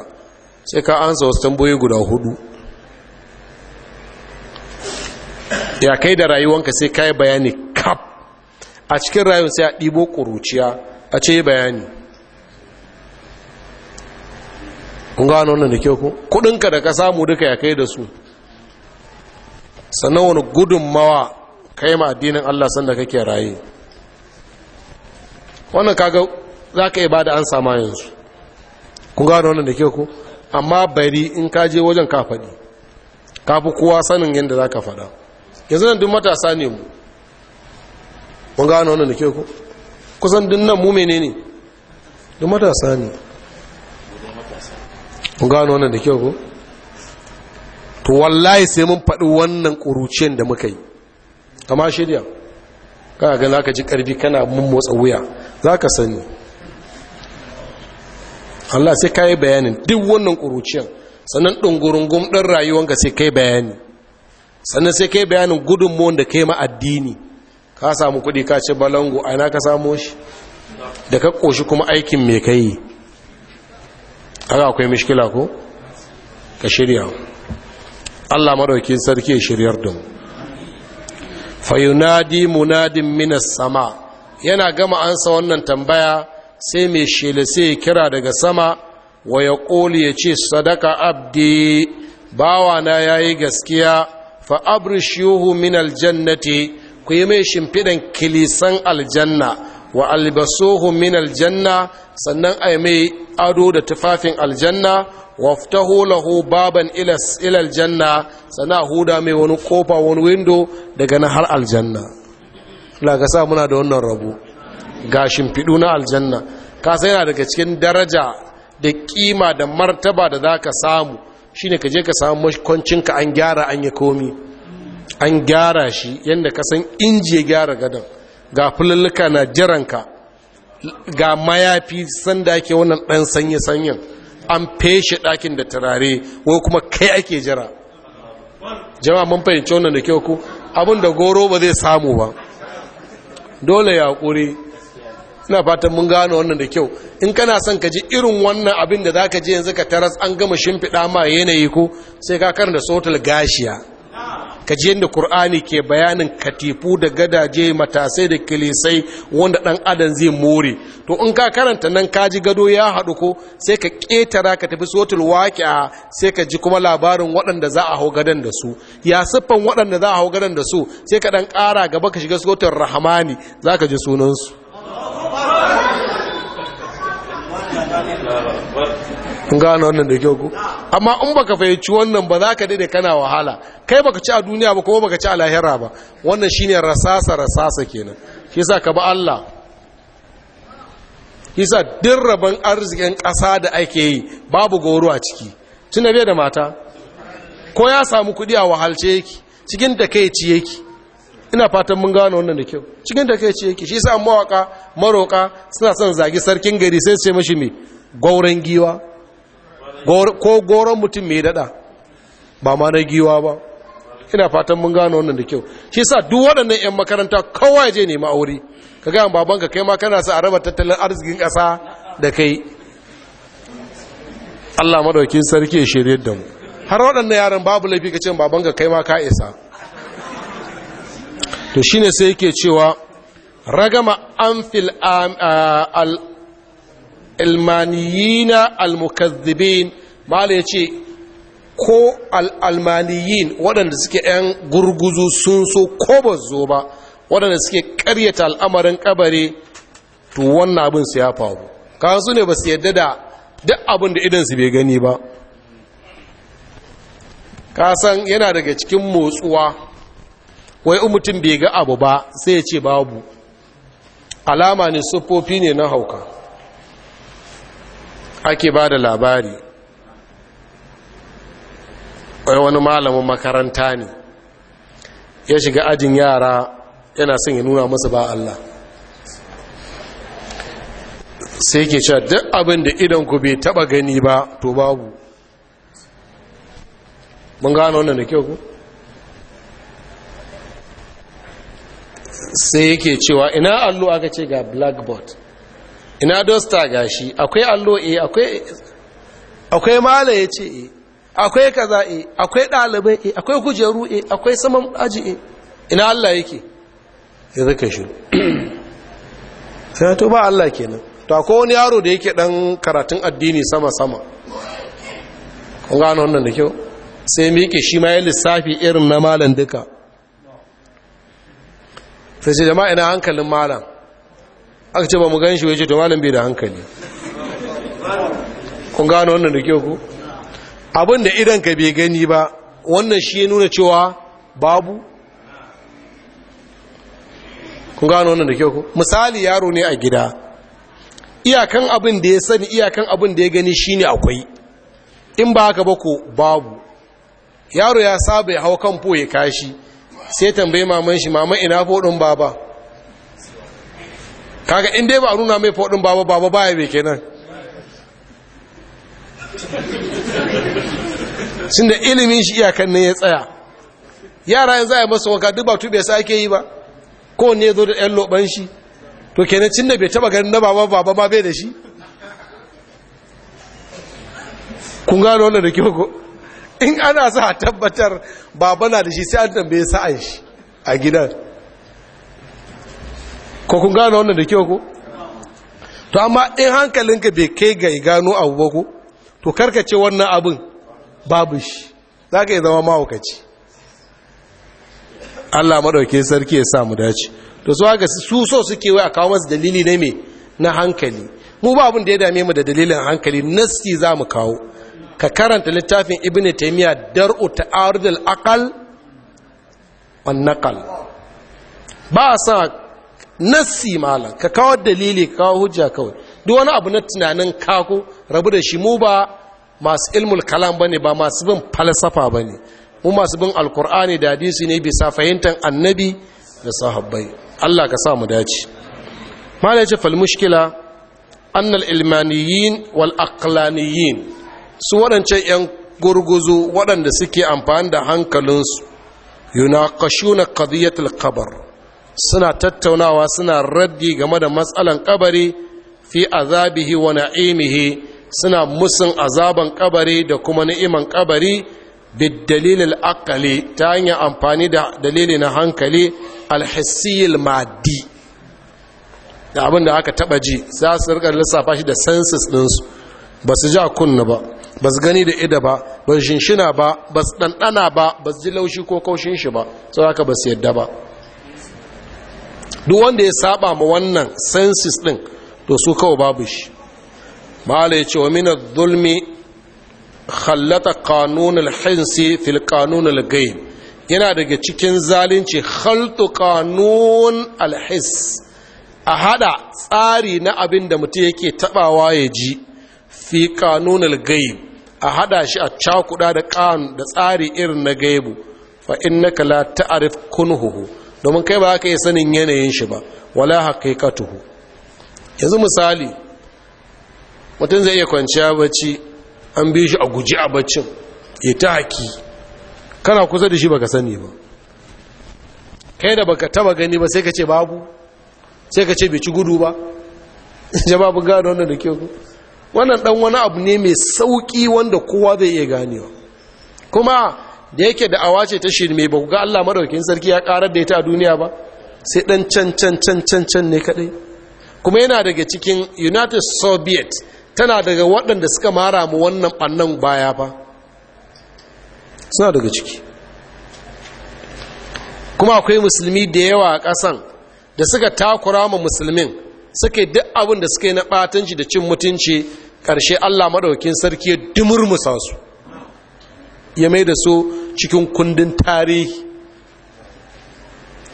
sai ka ansa wasu tamboyi guda hudu ya kai da rayuwanka sai ka yi bayani kap a cikin rayuwa sai a ɗibo ƙuruciya a ce yi bayani kun gano wannan da kyau ku kudinka da ka samu duka ya kai da su sannan wani gudunmawa kai ma addinin Allah sanda kake raye wannan kaga za ka yi ba da an sama yanzu kun gano wannan da ke ku amma bari in ka je wajen ka faɗi ka fi kowa sanin yadda za ka faɗa yanzu nan duk matasa ne mu kun gano wannan da ke ku kusan duk nan mu mene ne duk matasa ne kun gano wannan da ke ku to wallahi sai mun faɗi wannan ƙuruciyar da muka yi amma shirya kana ga za ka ji ƙarfi kana mun motsa wuya za ka sani Allah sai ka yi bayanin duk wannan ƙuruciyar sannan gumɗin rayuwan ka sai ka yi bayani sannan sai ka yi bayanin gudunmuwan da ka yi ma'addini ka samu kuɗi ka ce balango a ina ka samo shi da ka ƙoshi kuma aikin mai ka yi akwai mishkila ko ka shirya Allah maraukin sarki shiryar da mu fayunadi munadin minas sama yana gama ansa wannan tambaya sai mai shela sai ya kira daga sama wa ya ƙoli ya ce sadaka abdi bawana ya yi gaskiya fa abrishuhu min aljannati ku yi mai shimfiɗan kilisan aljanna wa albasuhu min aljanna sannan ai mai ado da tufafin aljanna ftahu lahu baban ila ila aljanna sana huda mai wani kofa wani window daga na har aljanna la ga sa muna da wannan rabo gashin fidu na aljanna ka sai yana daga cikin daraja da kima da martaba da zaka samu shine ka je ka samu mashkoncin ka an gyara an yi komi an gyara shi yanda ka san inji ya gyara gadan ga fulallika na jiranka ga mayafi sanda ake wannan dan sanye-sanyen an feshe dakin da turare wai kuma kai ake jira jama'a mun fahimci wannan da kyau ku abin da goro ba zai samu ba dole ya kure. ina fatan mun gano wannan da kyau in kana son ka ji irin wannan abin da zaka ka je yanzu ka taras an gama shimfiɗa ma yanayi ko sai ka karanta sotal gashiya ka ji yadda Kur'ani ke bayanin katifu da gadaje matasai da kilisai wanda ɗan adam zai more to in ka karanta nan ka ji gado ya haɗu ko sai ka ƙetara ka tafi sotul a sai ka ji kuma labarin waɗanda za a hau gadon da su ya siffan waɗanda za a hau gadon da su sai ka ɗan ƙara gaba ka shiga sotul rahmani za ka ji sunansu kun wannan da kyau ku amma in baka fahimci wannan ba za ka dade kana wahala kai baka ci a duniya ba kuma baka ci a lahira ba wannan shine rasasa rasasa kenan shi yasa ka ba Allah yasa din rabon arzikin ƙasa da ake yi babu goro a ciki Tuna biya da mata ko ya samu kuɗi a wahalce yake cikin da kai ci yake ina fatan mun gano wannan da kyau cikin da kai ci yake shi yasa mawaka maroka suna son zagi sarkin gari sai su ce mashi me gauran giwa ko goron mutum mai dada ba ma na giwa ba ina fatan mun gano wannan da kyau shi sa duk waɗannan 'yan makaranta kowa ya je nema aure ka gaya babanka kai ma kana sa a raba tattalin arzikin ƙasa da kai allah madaukin sarki ya shirye da mu har waɗannan yaran babu laifi ka ce babanka kai ma ka isa to shine sai yake cewa ragama an fil almaniyina al-mukazzibin mala ya ce ko al'almaniyin waɗanda suke ‘yan gurguzu sun so ko ba zo ba waɗanda suke ƙaryata al'amarin ƙabare to wannan abin su ya faru Ka su ne ba su yadda da duk abin da idansu bai gani ba kasan yana daga cikin motsuwa wai mutum bai ga abu ba sai ya ce babu alama ne sufofi ne na hauka ake ba da labari wani malamin makaranta ne ya shiga ajin yara yana son ya nuna musu ba Allah sai ke cewa duk abin da idanku bai taba gani ba to babu mun gano wannan da kyau ku sai yake cewa ina allo aka ce ga blackboard ina dosta gashi akwai allo eh akwai mala ya ce eh, akwai kaza eh akwai ɗalibai eh akwai kujeru eh akwai saman aji eh ina Allah yake ya zaka shi sai to ba Allah kenan to akwai wani yaro da yake dan karatun addini sama sama kun gano wannan da kyau sai miƙe shi ma ya lissafi irin na malan duka sai ce jama'a ina hankalin malam aka ce ba mu gan shi wai ce to malam bai da hankali kun gano wannan da kyau ku abin da idan ka bai gani ba wannan shi ya nuna cewa babu kun gano wannan da kyau ku misali yaro ne a gida iyakan abin da ya sani iyakan abin da ya gani shi ne akwai in ba haka ba ko babu yaro ya saba ya hau kan po ya kashi sai tambayi maman shi maman ina fodin baba kaga inda ba nuna mai faɗin baba baba baya mai kenan sun da ilimin shi iyakan ne ya tsaya yara yanzu a yi masa wanka duk ba tube sa ake yi ba Ko ya zo da yan loɓan shi to kenan cin da bai taba ganin na baba baba ma bai da shi kun gano wannan da kyau ko in ana sa tabbatar baba na da shi sai an tambaye sa'an shi a gidan ko kun gano wannan da kyau ko to amma in hankalinka bai kai ga gano abu ba ko to karkace ce wannan abin babu shi za ka yi zama mahaukaci allah maɗauke sarki ya samu dace to su haka su so suke wai a kawo masu dalili na me na hankali mu ba abin da ya dame mu da dalilin hankali nasti za mu kawo ka karanta littafin ibn taimiyya dar'u ta'arud al-aqal wan naqal ba sa nassi malam ka kawo dalili ka kawo hujja kawai duk wani abu na tunanin kako rabu da shi mu ba masu ilmul kalam bane ba masu bin falsafa bane mu masu bin alkur'ani da hadisi ne bisa fahimtar annabi da sahabbai Allah ka sa mu dace malai ce fal mushkila annal ilmaniyin wal aqlaniyin su waɗancan 'yan gurguzu waɗanda suke amfani da hankalinsu yunaqashuna qadiyatul qabr suna tattaunawa suna raddi game da matsalan kabari fi azabihi wa na'imihi suna musun azaban kabari da kuma ni'iman kabari biddalil al'akali ta hanyar amfani da dalili na hankali alhassiyil madi da abin da aka taba ji za su rika lissafa shi da sensus ɗinsu ba su ja kunna ba ba su gani da ida ba ba su shinshina ba ba su ɗanɗana ba ba su ji laushi ko kaushin shi ba sau haka ba su yadda ba duk wanda ya saba ma wannan sensis din to su kawo babu shi ma'ala ya ce wa min zulmi khallata qanun al-hinsi fil qanun al yana daga cikin zalunci khaltu qanun al a hada tsari na abin da mutum yake tabawa ya ji fi qanun al a hada shi a cakuda da tsari irin na gaibu fa innaka la ta'rif kunhuhu domin kai ba ka yi sanin yanayin shi ba wala tuhu, yanzu misali mutum zai iya kwanciya bacci an bi shi a guji a baccin ya ta haƙi kana kusa da shi baka sani ba kai da baka taba gani ba sai ka ce babu sai ka ce bai ci gudu ba babu gano wannan da kyau wannan dan wani abu ne mai sauki wanda kowa zai iya ganewa kuma da yake da awa ce ta shirme ba ga Allah madaukin sarki ya karar da ita a duniya ba sai dan can can can can can ne kadai kuma yana daga cikin United Soviet tana daga waɗanda suka mara mu wannan bannan baya ba suna daga ciki kuma akwai musulmi da yawa a ƙasan da suka takura ma musulmin suka duk abin da suka yi na batanci da cin mutunci ƙarshe Allah madaukin sarki ya dumurmusa su ya mai da su cikin kundin tarihi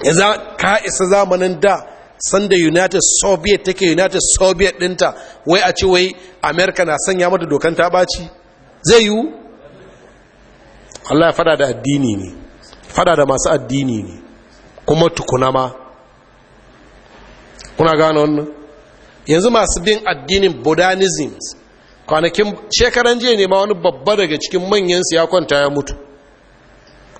ya za ka isa zamanin da sanda united soviet take united soviet dinta wai a ci wai america na sanya mata dokan ta ɓaci zai yiwu allah ya fada da addini ne fada da masu addini ne kuma tukuna ma kuna gano wannan yanzu masu bin addinin buddhism kwanakin shekaran jiya ne ma wani babba daga cikin manyan manyansu ya kwanta ya mutu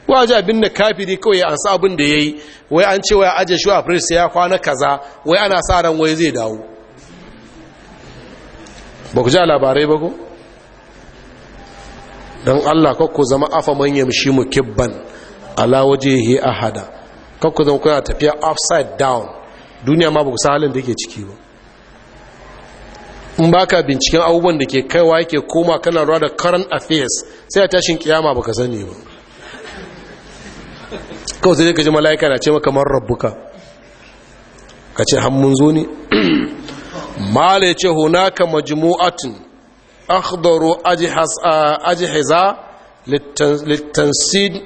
wa ji abin da kafiri kawai an sa abin da ya yi wai an ce wai aje shi a firis ya kwana kaza wai ana sa ran wai zai dawo ba ku ja labarai ba ku don allah kakku zama afa manyan shi mu kibban ala waje a hada kakku zama kuna tafiya upside down duniya ma ba ku sa halin da ke ciki ba in baka binciken abubuwan da ke kaiwa yake koma kana ruwa da current affairs sai a tashin kiyama baka sani ba kawai sai ka ji mala'ika na ce maka man rabbuka ka ce hammun zo ne mala ce hunaka majmu'atin akhdaru ajihiza litansid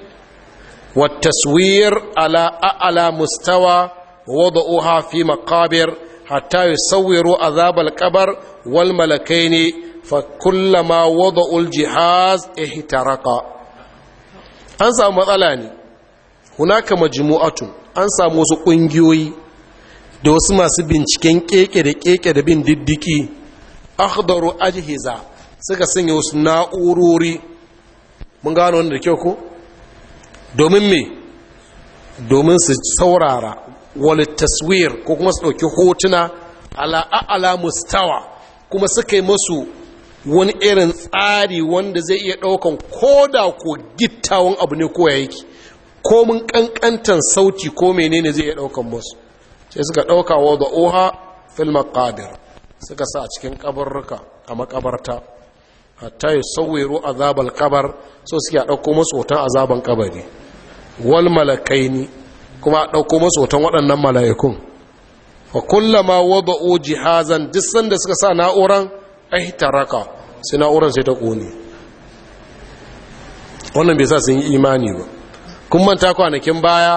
wa taswir ala a'la mustawa wada'uha fi maqabir hatta yusawwiru azab al kabar. Walmalakai ne fa kullama wada'ul jihaz ihtaraka an samu matsala ne hunaka majmu'atun an samu wasu ƙungiyoyi da wasu masu binciken ƙeƙe da keke da bin diddiki akhdaru ajhiza suka sanya wasu na'urori mun gano wanda da kyau ko domin me domin su saurara wal taswir ko kuma su ɗauki hotuna ala a'ala mustawa kuma suka yi masu wani irin tsari wanda zai iya ɗaukan ko da ko gittawan abu ne ko yake ko mun ƙanƙantan sauti ko menene zai iya ɗaukan masu sai suka ɗauka wa da oha fil maqadir suka sa cikin ƙabarruka a makabarta hatta yi sauwero azabal ƙabar so suke a ɗauko masu hoton azaban kabari wal malakaini kuma a ɗauko masu hoton waɗannan mala'ikun fa kullama wada'u jihazan duk sanda suka sa na'uran raka, sai na'uran sai ta kone wannan bai sa sun yi imani ba kun manta kwanakin baya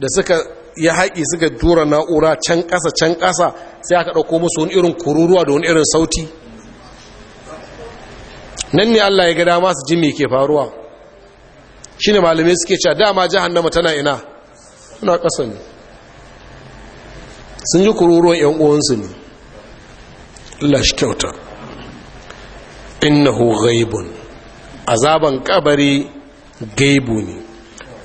da suka ya haƙi suka tura na'ura can ƙasa can ƙasa sai aka ɗauko musu wani irin kururuwa da wani irin sauti nan ne Allah ya ga dama su ji ke faruwa shine malamai suke cewa dama jahannama tana ina tana ƙasa ne sun ji kururuwan 'yan uwansu ne Allah shi kyauta innahu ghaibun azaban kabari gaibu ne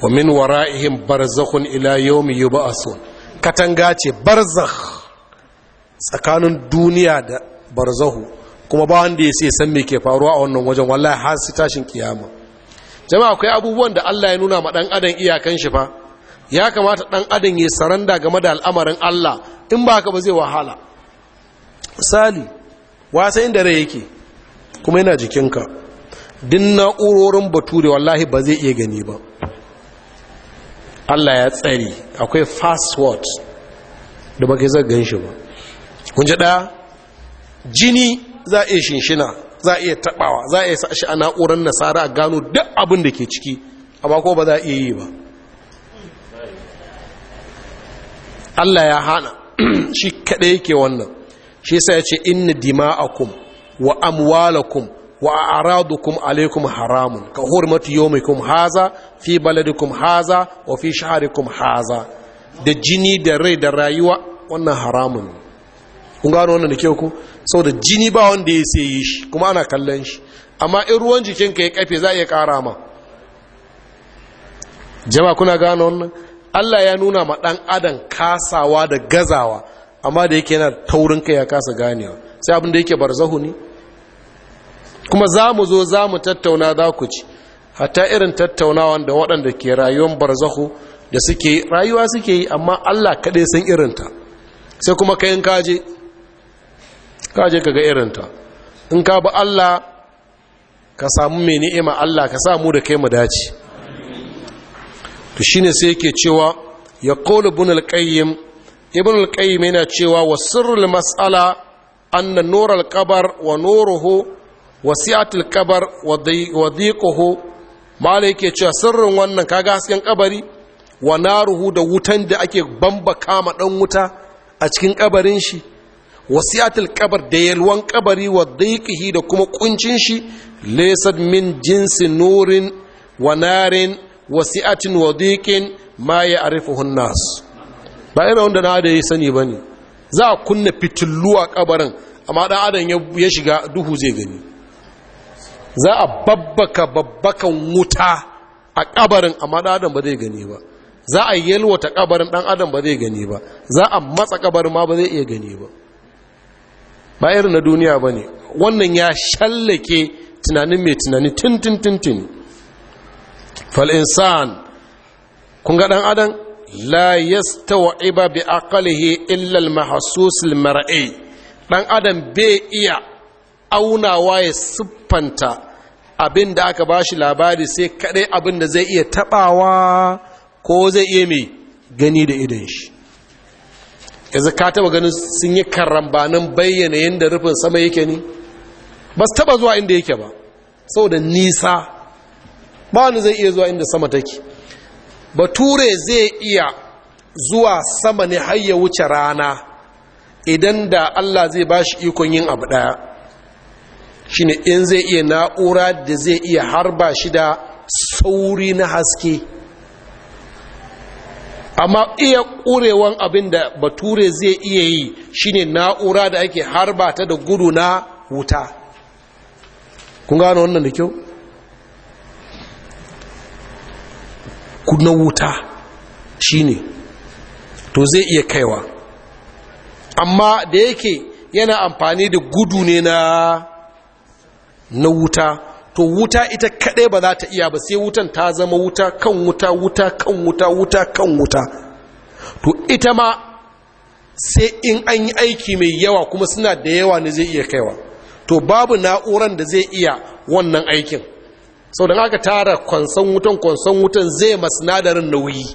wa min wara'ihim barzakhun ila yawmi yub'asun katanga ce barzakh tsakanin duniya da barzahu kuma ba wanda ya sai san me ke faruwa a wannan wajen wallahi har su tashin kiyama jama'a akwai abubuwan da Allah ya nuna ma dan adam iyakan shi fa ya kamata ɗan adam ya saranda game da al'amarin Allah in ba ka ba zai wahala misali wasa inda rai yake kuma yana jikinka din na'urorin bature wallahi ba zai iya gani ba Allah ya tsari akwai word da ba kai zai shi ba kunji ɗaya jini za a iya shinshina za a iya taɓawa za a iya sa shi a na'urar nasara a gano duk abin da ke ciki amma ko ba za a iya yi ba Allah ya hana shi kaɗai yake wannan shi sai ya ce inna dima'akum wa amwalakum wa a'radukum alaikum haramun ka hurmatu yawmikum haza fi baladikum haza wa fi sha'rikum haza da jini da rai da rayuwa wannan haramun kun gano wannan da kyau ku saboda jini ba wanda ya sai yi shi kuma ana kallon shi amma in ruwan jikinka ya kafe za a iya kara ma jama'a kuna gano wannan Allah ya nuna ma ɗan adam kasawa da gazawa amma da yake yana taurin kai ya kasa ganewa sai abinda da yake barzahu ne kuma za mu zo za mu tattauna za ku ci hata irin tattaunawan da waɗanda ke rayuwar barzahu da suke rayuwa suke yi amma Allah kaɗai san irinta sai kuma ka yin kaje kaje ka ga irinta in ka bi Allah ka samu mai ni'ima Allah ka samu da kai mu dace to shine sai yake cewa ya kola ibn al-qayyim ibn al yana cewa wa sirrul mas'ala anna nur al-qabr wa nuruhu wa al-qabr wa dhiquhu yake cewa sirrin wannan kaga hasken kabari wa naruhu da wutan da ake bamba kama dan wuta a cikin kabarin shi wa wasi'atul kabar da yalwan kabari wa dhiqihi da kuma ƙuncin shi lesar min jinsi nurin wa narin wasi'atin wa ma ya'rifuhu an-nas ba irin wanda na da ya sani bane za a kunna fitillu a kabarin amma dan adam ya shiga duhu zai gani za a babbaka babbakan wuta a kabarin amma dan adam ba zai gani ba za a yalwata kabarin dan adam ba zai gani ba za a matsa kabarin ma ba zai iya gani ba ba irin na duniya ba wannan ya shallake tunanin mai tunani tintin fal insan kun ga dan adam la yastawiba bi aqlihi illa al mahsus al mar'i dan adam bai iya aunawa ya siffanta abin da aka bashi labari sai kadai abin da zai iya tabawa ko zai iya mai gani da idan shi yanzu ka taba ganin sun yi karambanin bayyana yadda rufin sama yake ne ba su taba zuwa inda yake ba sau da nisa ba wani zai iya zuwa inda sama take bature zai iya zuwa sama ne har ya wuce rana idan da allah zai ba shi ikon yin abu ɗaya ne in zai iya na'ura da zai iya harba shi da sauri na haske amma iya ƙurewan abin da bature zai iya yi shine na'ura da ake harba ta da gudu na wuta kun gano wannan da kyau na wuta shine to zai iya kaiwa amma da yake yana amfani da gudu ne na na wuta to wuta ita kaɗai ba za ta iya ba sai wutan ta zama wuta kan wuta wuta kan wuta wuta kan wuta to ita ma sai in an yi aiki mai yawa kuma suna da yawa ne zai iya kaiwa to babu na'uran da zai iya wannan aikin sau da aka tara kwanson wutan kwanson wutan zai sinadarin nauyi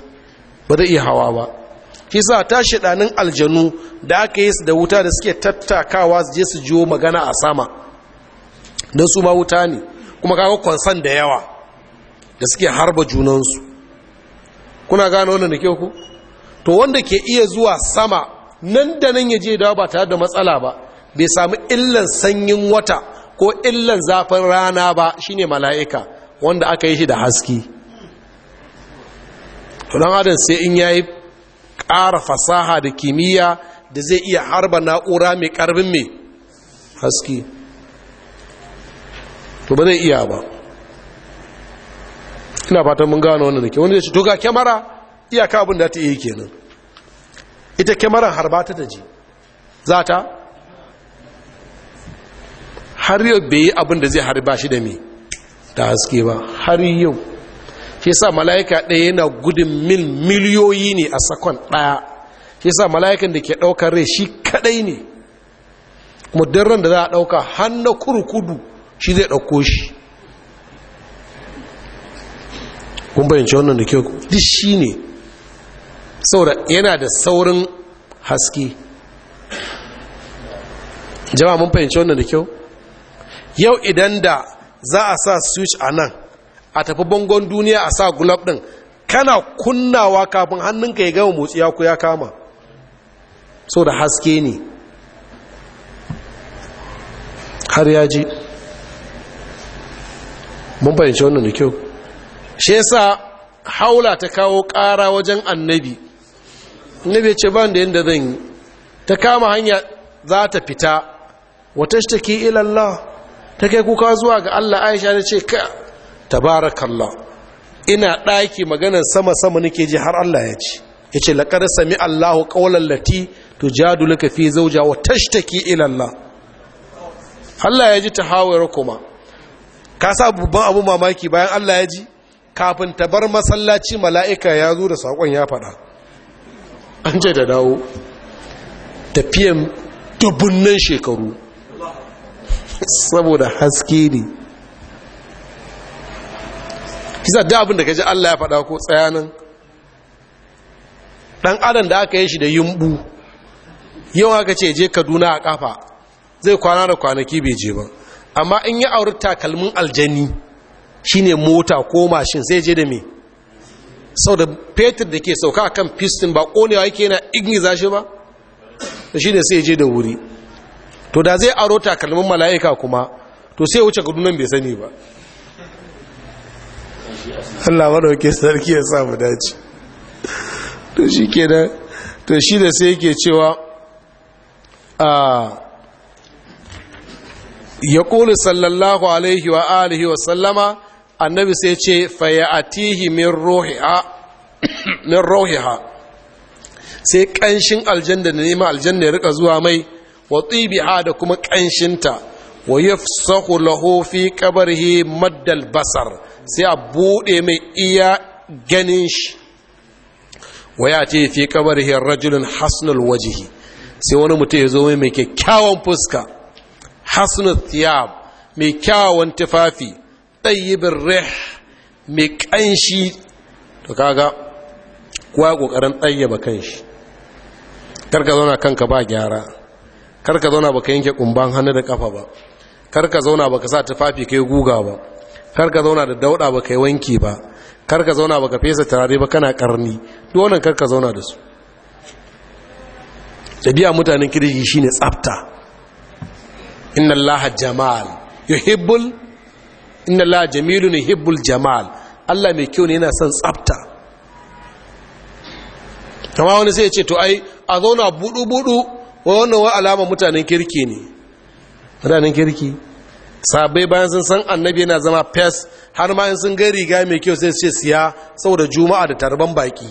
ba zai iya hawa ba shi sa ta shidanin aljanu da aka yi su da wuta da suke tattakawa su je su jiwo magana a sama don su ma wuta ne kuma kawo kwanson da yawa da suke harba junansu kuna gane wannan da kyau ku to wanda ke iya zuwa sama nan da nan ya je dawa ba tare da matsala ba bai samu illan sanyin wata ko illan zafin rana ba shine mala'ika wanda aka yi shi da haski tunan adam sai in ya yi ƙara fasaha da kimiyya da zai iya harba na'ura mai ƙarfin mai haski. to ba zai iya ba ina fatan mun gano wanda da ke wanda ya ce to ga kyamara kawo abin da ta iya kenan ita kyamaran harba ta ta ji za ta har yau bai yi abin da zai harba shi da mi da haske ba har yau shi sa mala'ika ɗaya yana gudun mil miliyoyi ne a sakon ɗaya shi sa mala'ikan da ke ɗaukar rai shi kaɗai ne muddin da za a ɗauka hannu kurkudu shi zai ɗauko shi kun bayanci wannan da kyau duk shi ne yana da saurin haske jama'a mun fahimci wannan da kyau yau idan da za a sa switch a nan a tafi bangon duniya a sa gulab ɗin kana kunnawa kafin hannunka ya gama motsi ya ku ya kama so da haske ne har ya ji mun fahimci wannan da kyau shi sa haula ta kawo kara wajen annabi annabi ce ban da yadda zan yi ta kama hanya za ta fita wata shi ta ki ilallah ta kai kuka zuwa ga Allah Aisha ta ce ka tabarakallah ina ɗaki maganar sama sama nake ji har Allah ya ce ya ce sami Allahu ƙaular lati to fi zauja wa tashtaki ila Allah ya ji ta hawayar kuma ka sa babban abu mamaki bayan Allah ya ji kafin ta bar masallaci mala'ika ya zo da sakon ya faɗa an ce da dawo tafiyan dubunnan shekaru saboda haske ne kisa da abin da kaji Allah ya faɗa ko tsayanin ɗan adam da aka yi shi da yumbu yau aka ce je kaduna a ƙafa zai kwana da kwanaki bai je ba amma in ya auri takalmin aljani shine mota ko mashin zai je da me sau da fetur da ke sauka kan piston ba ƙonewa yake na za shi ba da shi ne sai je da wuri to da zai aro takalmin mala'ika kuma to sai wuce gudunan bai sani ba Allah madauke sarki ya samu dace to shi ke da to shi da sai yake cewa a ya ƙuli sallallahu alaihi wa alihi wa sallama annabi sai ce fayatihi min rohiha sai ƙanshin aljanda da nema aljanda ya rika zuwa mai wa da kuma ƙanshinta wa yafsahu lahu fi qabrihi maddal basar sai a bude mai iya ganin shi wa ya ce fi qabrihi rajulun hasnul wajhi sai wani mutum ya zo mai mai kyakkyawan fuska hasnul thiyab mai kyawawan tufafi tayyibin rih mai ƙanshi to kaga kuwa ƙoƙarin tsayyaba kanshi karka zauna kanka ba gyara karka zauna baka yanke kumban hannu da kafa ba kar ka zauna baka sa tufafi kai guga ba kar zauna da dauda baka yi wanki ba kar ka zauna baka fesa turare ba kana karni duk wannan kar zauna da su tabiya mutanen kirki shine tsafta inna allaha jamal yuhibbul inna allaha jamilun yuhibbul jamal Allah mai kyau ne yana son tsafta Kamar wani sai ya ce to ai a zauna budu budu wannan wa alama mutanen kirki ne mutanen kirki sabai bayan sun san annabi yana zama fes har ma sun ga riga mai kyau sai su ce siya saboda juma'a da tarban baki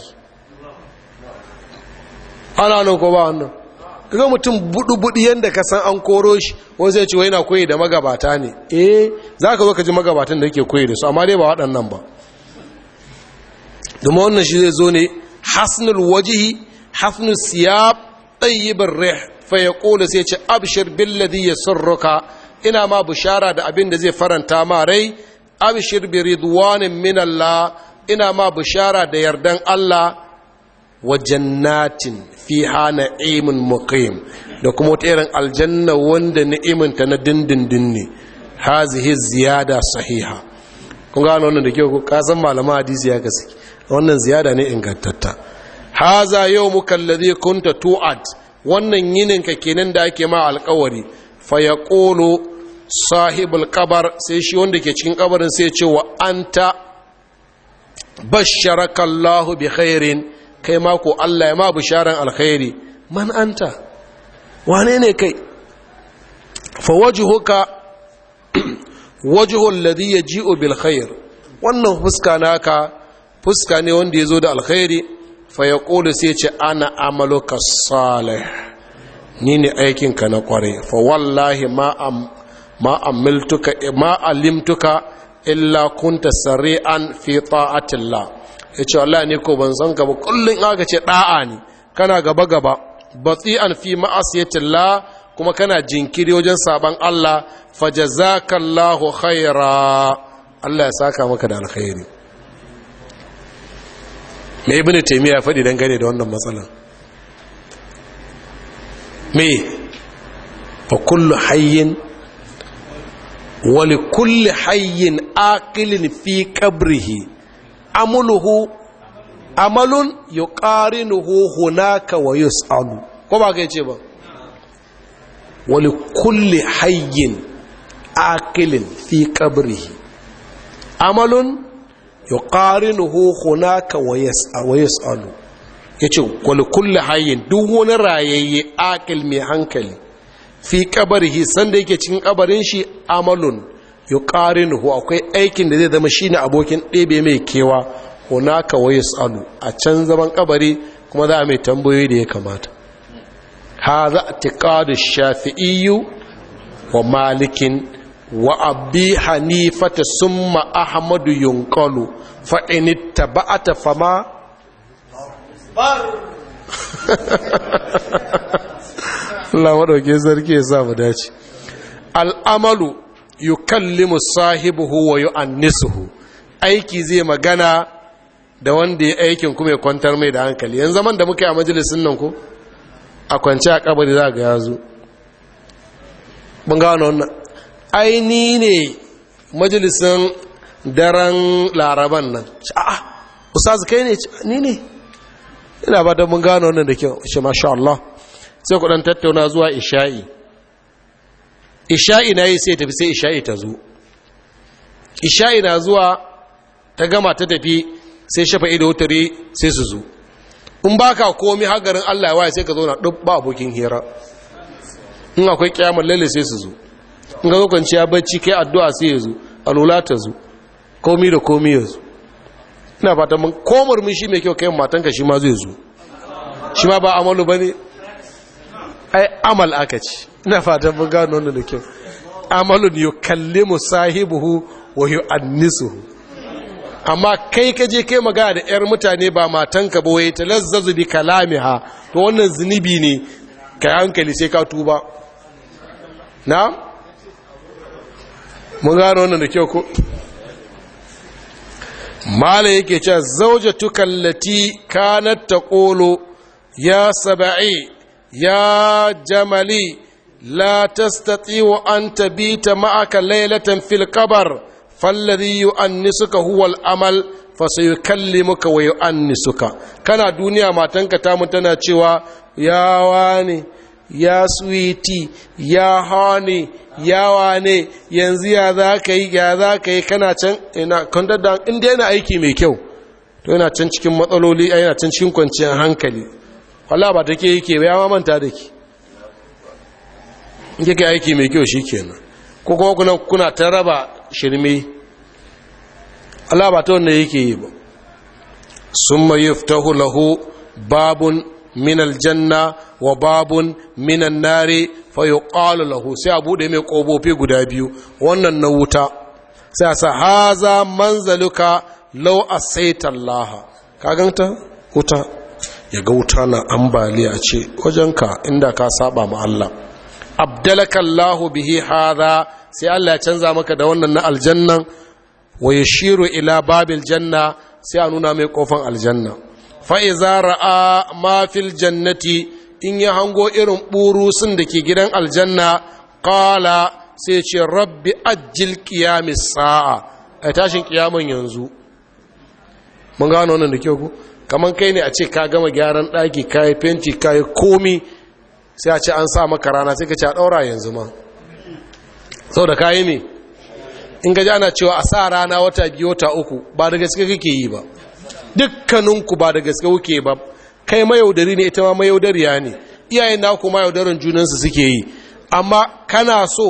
ana nan ko ba wannan kaga mutum budu-budu yadda ka san an koro shi wani sai ce wai na koyi da magabata ne eh za ka zo ka ji magabatan da yake koyi da su amma dai ba waɗannan ba domin wannan shi zai zo ne hasnul wajihi hasnul siyab tayyibin rih fa ya ƙula sai ce abshir billadi ya surruka ina ma bishara da abin da zai faranta ma rai abshir bi ridwanin min Allah ina ma bishara da yardan Allah wa jannatin fiha na'imun muqim da kuma wata irin aljanna wanda ni'imin ta na dindindin ne hazihi ziyada sahiha kun gano wannan da kyau ko san malama hadisi ya gaske. wannan ziyada ne ingantatta haza yau muka lalazi kunta tu'ad wannan yininka kenan da ake ma alkawari fa ya ƙolo sahibul kabar sai shi wanda ke cikin kabarin sai ce wa anta basharakallahu bi khairin kai ma ko Allah ya ma bisharan alkhairi man anta wane ne kai fa wajhuka wajhu alladhi yaji'u bil khair wannan fuska naka fuska ne wanda yazo da alkhairi fa ya ƙoda sai ce ana amaluka salih ni ne aikinka na ƙware fa wallahi ma ma alimtuka illa kunta sari'an fi ta'atillah ya ce wallahi ne ko ban san ka ba kullum aka ce ɗa'a ne kana gaba gaba an fi ma'asiyatillah kuma kana jinkiri wajen saban Allah fa jazakallahu khaira Allah ya saka maka da alkhairi mai ibn taymiya faɗi dangane da wannan matsalan me fa kullu hayyin wa li kulli hayyin aqilin fi qabrihi amuluhu amalun yuqarinuhu hunaka wa yus'alu ko ba ka ce ba wa li kulli hayyin aqilin fi qabrihi amalun yuqarinuhu hunaka wa yas'alu yace wal kullu hayyin duk wani rayayye akil mai hankali fi san da yake cikin kabarin shi amalun yuqarinuhu akwai aikin da zai zama shine abokin ɗebe mai kewa hunaka wa yas'alu a can zaman kabari kuma za a mai tambayoyi da ya kamata hadha i'tiqadu shafi'iyyu wa malikin wa abi hanifata summa ahmadu yunqalu fa in ittaba'ata fama bar Allah madauke sarki ya mu dace al'amalu yukallimu sahibuhu wa yu'annisuhu aiki zai magana da wanda ya aikin kuma ya kwantar mai da hankali yanzu zaman da muka yi a majalisin nan ko a kwance a kabari za ga yazo mun ga wannan aini ne majalisin daren laraban nan a'a ustaz kai ne ni ne ina ba da mun gano wannan da kyau shi masha Allah sai ku tattauna zuwa isha'i isha'i na yi sai tafi sai isha'i ta zo isha'i na zuwa ta gama ta tafi sai shafa ido tare sai su zo in baka komi hagarin Allah ya waye sai ka zo na dubba abokin hira in akwai kiyamar lalle sai su zo in ga ya bacci kai addu'a sai ya zo alula ta zo komi da komi ya zo ina fata mun mun shi mai kyau kai matanka shi ma zai zo shi ma ba amalu bane ai amal aka ci ina fata mun gano wannan da kyau amalun yukallimu sahibuhu wa yu'annisuhu amma kai ka je kai magana da 'yar mutane ba matan ka ba wai talazzazu bi kalamiha to wannan zunubi ne ka hankali sai ka tuba na mun gano wannan da kyau ko mala yake cewa zauja allati kanat taqulu ya saba'i ya jamali la anta an tabita ma'aka laylatan fil qabr falladhi yu'annisuka huwa al-amal sayukallimuka wa yu'annisuka kana duniya matanka ta mun tana cewa ya wani ya suwiti ya hane ya wane yanzu ya za ka yi ya za ka yi kana can ina kondadda inda yana aiki mai kyau to yana can cikin matsaloli yana can cikin kwanciyar hankali wala ba take yi ba ya manta da ki in kika aiki mai kyau shi nan ko kuma kuna kuna ta raba shirme Allah ba ta wanda yake yi ba summa yaftahu lahu babun min janna wa babun minan nare fa yuqalu lahu sai a bude mai kobofi guda biyu wannan na wuta sai a sa haza manzaluka law asaita Allah ka ganta wuta ya wuta na ambaliya ce. ce ka inda ka saba ma Allah abdalaka Allah bihi haza sai Allah canza maka da wannan na aljannan wa shiru ila babil janna sai a nuna mai ƙofan aljanna fa'iza ra'a mafil jannati in ya hango irin burusun da ke gidan aljanna ƙala sai ce rabbi ajil ƙiyamis sa'a a tashin ƙiyaman yanzu mun gano wannan da kyau ku kamar kai ne a ce ka gama gyaran ɗaki ka yi fenti ka yi komi sai a ce an sa maka rana sai ka ce a ɗaura yanzu ma sau da kayi ne in gaji ana cewa a sa rana wata biyu wata uku ba daga cika kake yi ba dukkaninku ba da gaske kuke ba kai mayaudari ne ita ma mayaudariya ne iyayen naku mayaudarin junansu suke yi amma kana so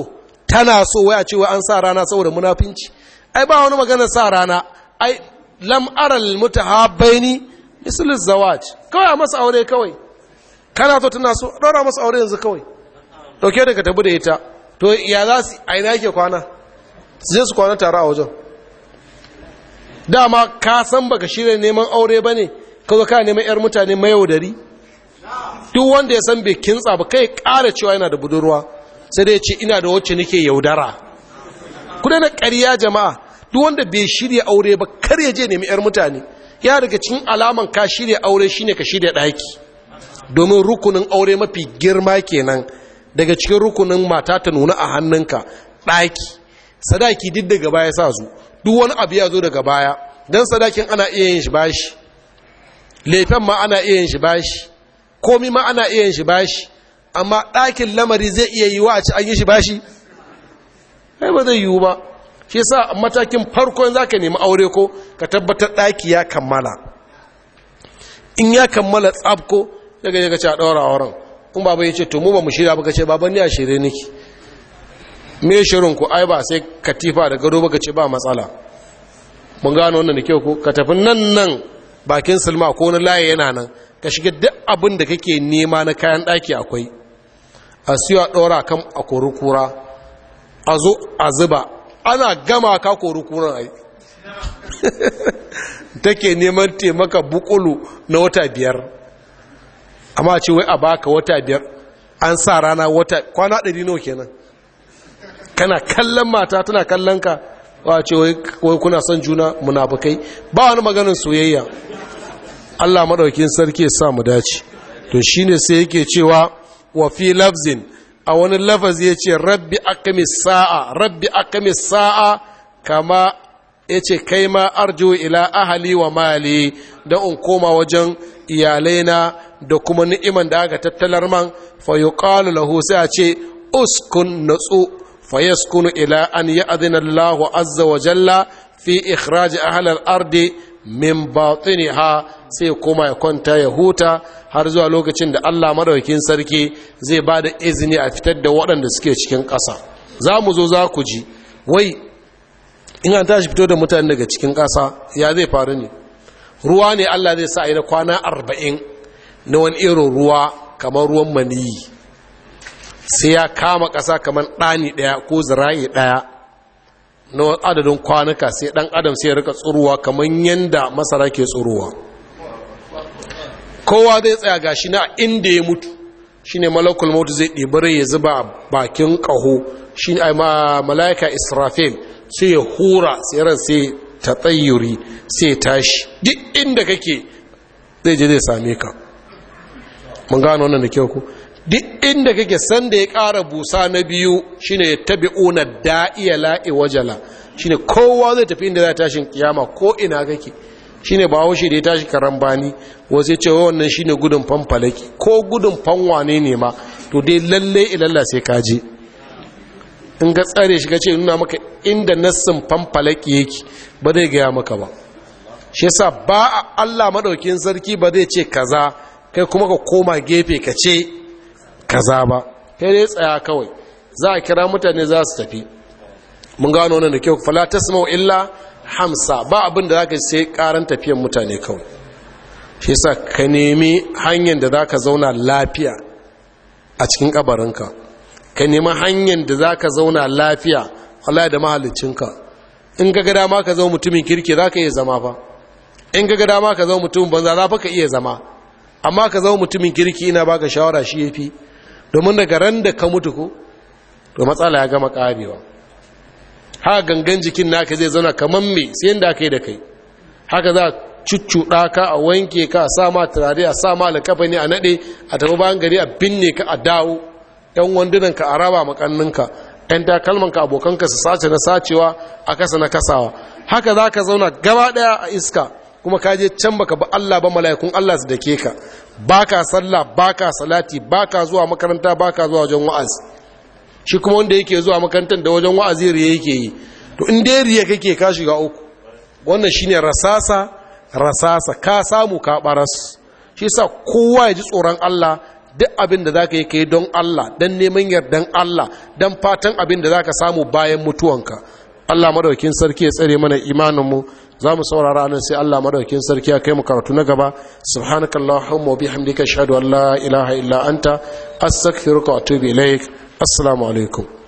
tana so waya cewa an sa rana saboda munafinci ai ba wani magana sa rana ai lam aral mutahabbaini misal zawaj kawai a masa aure kawai kana so tana so dora masa aure yanzu kawai dauke daga tabu da ita to ya za su aina yake kwana su je su kwana tare a wajen dama ka san baka shirya neman aure ba ne ka zo ka neman 'yar mutane mayaudari duk wanda ya san bai kintsa ba kai ƙara cewa yana da budurwa sai dai ce ina da wacce nake yaudara kuna na ƙarya jama'a duk wanda bai shirya aure ba kar ya je nemi 'yar mutane ya daga cikin alaman ka shirya aure shine ka shirya ɗaki domin rukunin aure mafi girma kenan daga cikin rukunin mata ta nuna a hannunka ɗaki sadaki duk daga baya sa su duk wani abu ya zo daga baya don sadakin ana iya yin shi bashi laifin ma ana iya yin shi bashi komi ma ana iya yin shi bashi amma ɗakin lamari zai iya yi wa a ci an yi shi bashi ai ba zai yiwu ba shi sa matakin farko za ka nemi aure ko ka tabbatar ɗaki ya kammala in ya kammala tsabko, ko daga ka ce a ɗaura auren in baba ya ce to mu ba mu shirya ba ka ce baban ni a shirya niki me shirin ku ai ba sai katifa da gado baka ce ba matsala mun gano wannan da kyau ko ka tafi nan nan bakin silma ko na layi yana nan ka shiga duk abin da kake nema na kayan daki akwai a siyo a kan a kura a zo a zuba ana gama ka kori kuran ai take neman taimaka bukulu na wata biyar amma ce wai a baka wata biyar an sa rana wata kwana ɗari nawa kenan kana kallon mata tana kallon ka wa ce wai kuna son juna munafukai ba wani maganin soyayya Allah maɗaukin sarki ya sa mu dace to shine sai yake cewa wa fi lafzin a wani lafazi yace rabbi akami sa'a rabbi akami sa'a kama yace kai ma arju ila ahali wa mali da in koma wajen iyalaina da kuma ni'iman da aka tattalar man fa yuqalu lahu sai a ce uskun natsu Fayaskunu ila an ya'dhina Allah azza fi ikraji ahli al-ard min batiniha sai kuma ya kwanta ya huta har zuwa lokacin da Allah madaukakin sarki zai ba da izini a fitar da waɗanda suke cikin ƙasa za mu zo za ku ji wai in an tashi fito da mutane daga cikin ƙasa ya zai faru ne ruwa ne Allah zai sa a yi na kwana arba'in na wani irin ruwa kamar ruwan maniyi sai ya kama ƙasa kamar ɗani ɗaya ko zira'i ɗaya na adadin kwanuka sai ɗan adam sai rika tsuruwa kamar yadda masara ke tsuruwa kowa zai tsaya ga shi na inda ya mutu shi ne malakul mutu zai ɗibi rai ya zuba a bakin ƙaho shi ne mala'ika israfil sai ya hura sai ran sai ta tsayyuri sai tashi duk inda kake zai je zai same ka mun gano wannan da kyau ku duk inda kake san da ya ƙara busa na biyu shine ya tabi una da'iya la'i wajala shine kowa zai tafi inda za tashin kiyama ko ina kake shine ba haushe da ya tashi karan bani wasu ce wannan shine gudun fanfalaki ko gudun fanwa ne ma to dai lalle ilalla sai ka je in ga tsare shi ce nuna maka inda nassin fanfalaki yake ba zai gaya maka ba shi yasa ba Allah madaukin sarki ba zai ce kaza kai kuma ka koma gefe ka ce kaza ba kai dai tsaya kawai za a kira mutane za su tafi mun gano nan da kyau fala tasma'u illa hamsa ba abin da zaka sai karan tafiyan mutane kawai shi yasa ka nemi hanyar da zaka zauna lafiya a cikin kabarinka ka nemi hanyar da zaka zauna lafiya Allah da mahallicinka in ga gada ma ka zo mutumin kirki zaka iya zama fa in ga gada ma ka zo mutumin banza za fa ka iya zama amma ka zo mutumin kirki ina baka shawara shi yafi domin daga ran da ka mutu ku, to matsala ya gama karewa ha gangan jikin naka zai zauna kamar me sai inda kai da kai haka za cuccuɗa ka a wanke ka a sama turare a sama alkafa ne a naɗe a tafi bayan gari a binne ka a dawo yan wandunan ka a raba makanninka yan takalman ka abokanka su sace na sacewa a kasa na kasawa haka za ka zauna gaba ɗaya a iska kuma ka je can baka ba Allah ba mala'ikun Allah su dake ka baka sallah baka salati baka zuwa makaranta baka zuwa wajen wa'azi shi kuma wanda yake zuwa makarantar da wajen wa'azi riya yake yi to in dai riya kake ka shiga uku wannan shine rasasa rasasa ka samu ka baras shi yasa kowa ya ji tsoron Allah duk abin da zaka yi kai don Allah dan neman yardan Allah dan fatan abin da zaka samu bayan mutuwanka Allah madaukin sarki ya tsare mana imanin mu za mu saurara anan sai Allah madaukin sarki ya kai mu karatu na gaba subhanakallahumma wa bihamdika ashhadu an la ilaha illa anta astaghfiruka wa atubu ilaik assalamu alaikum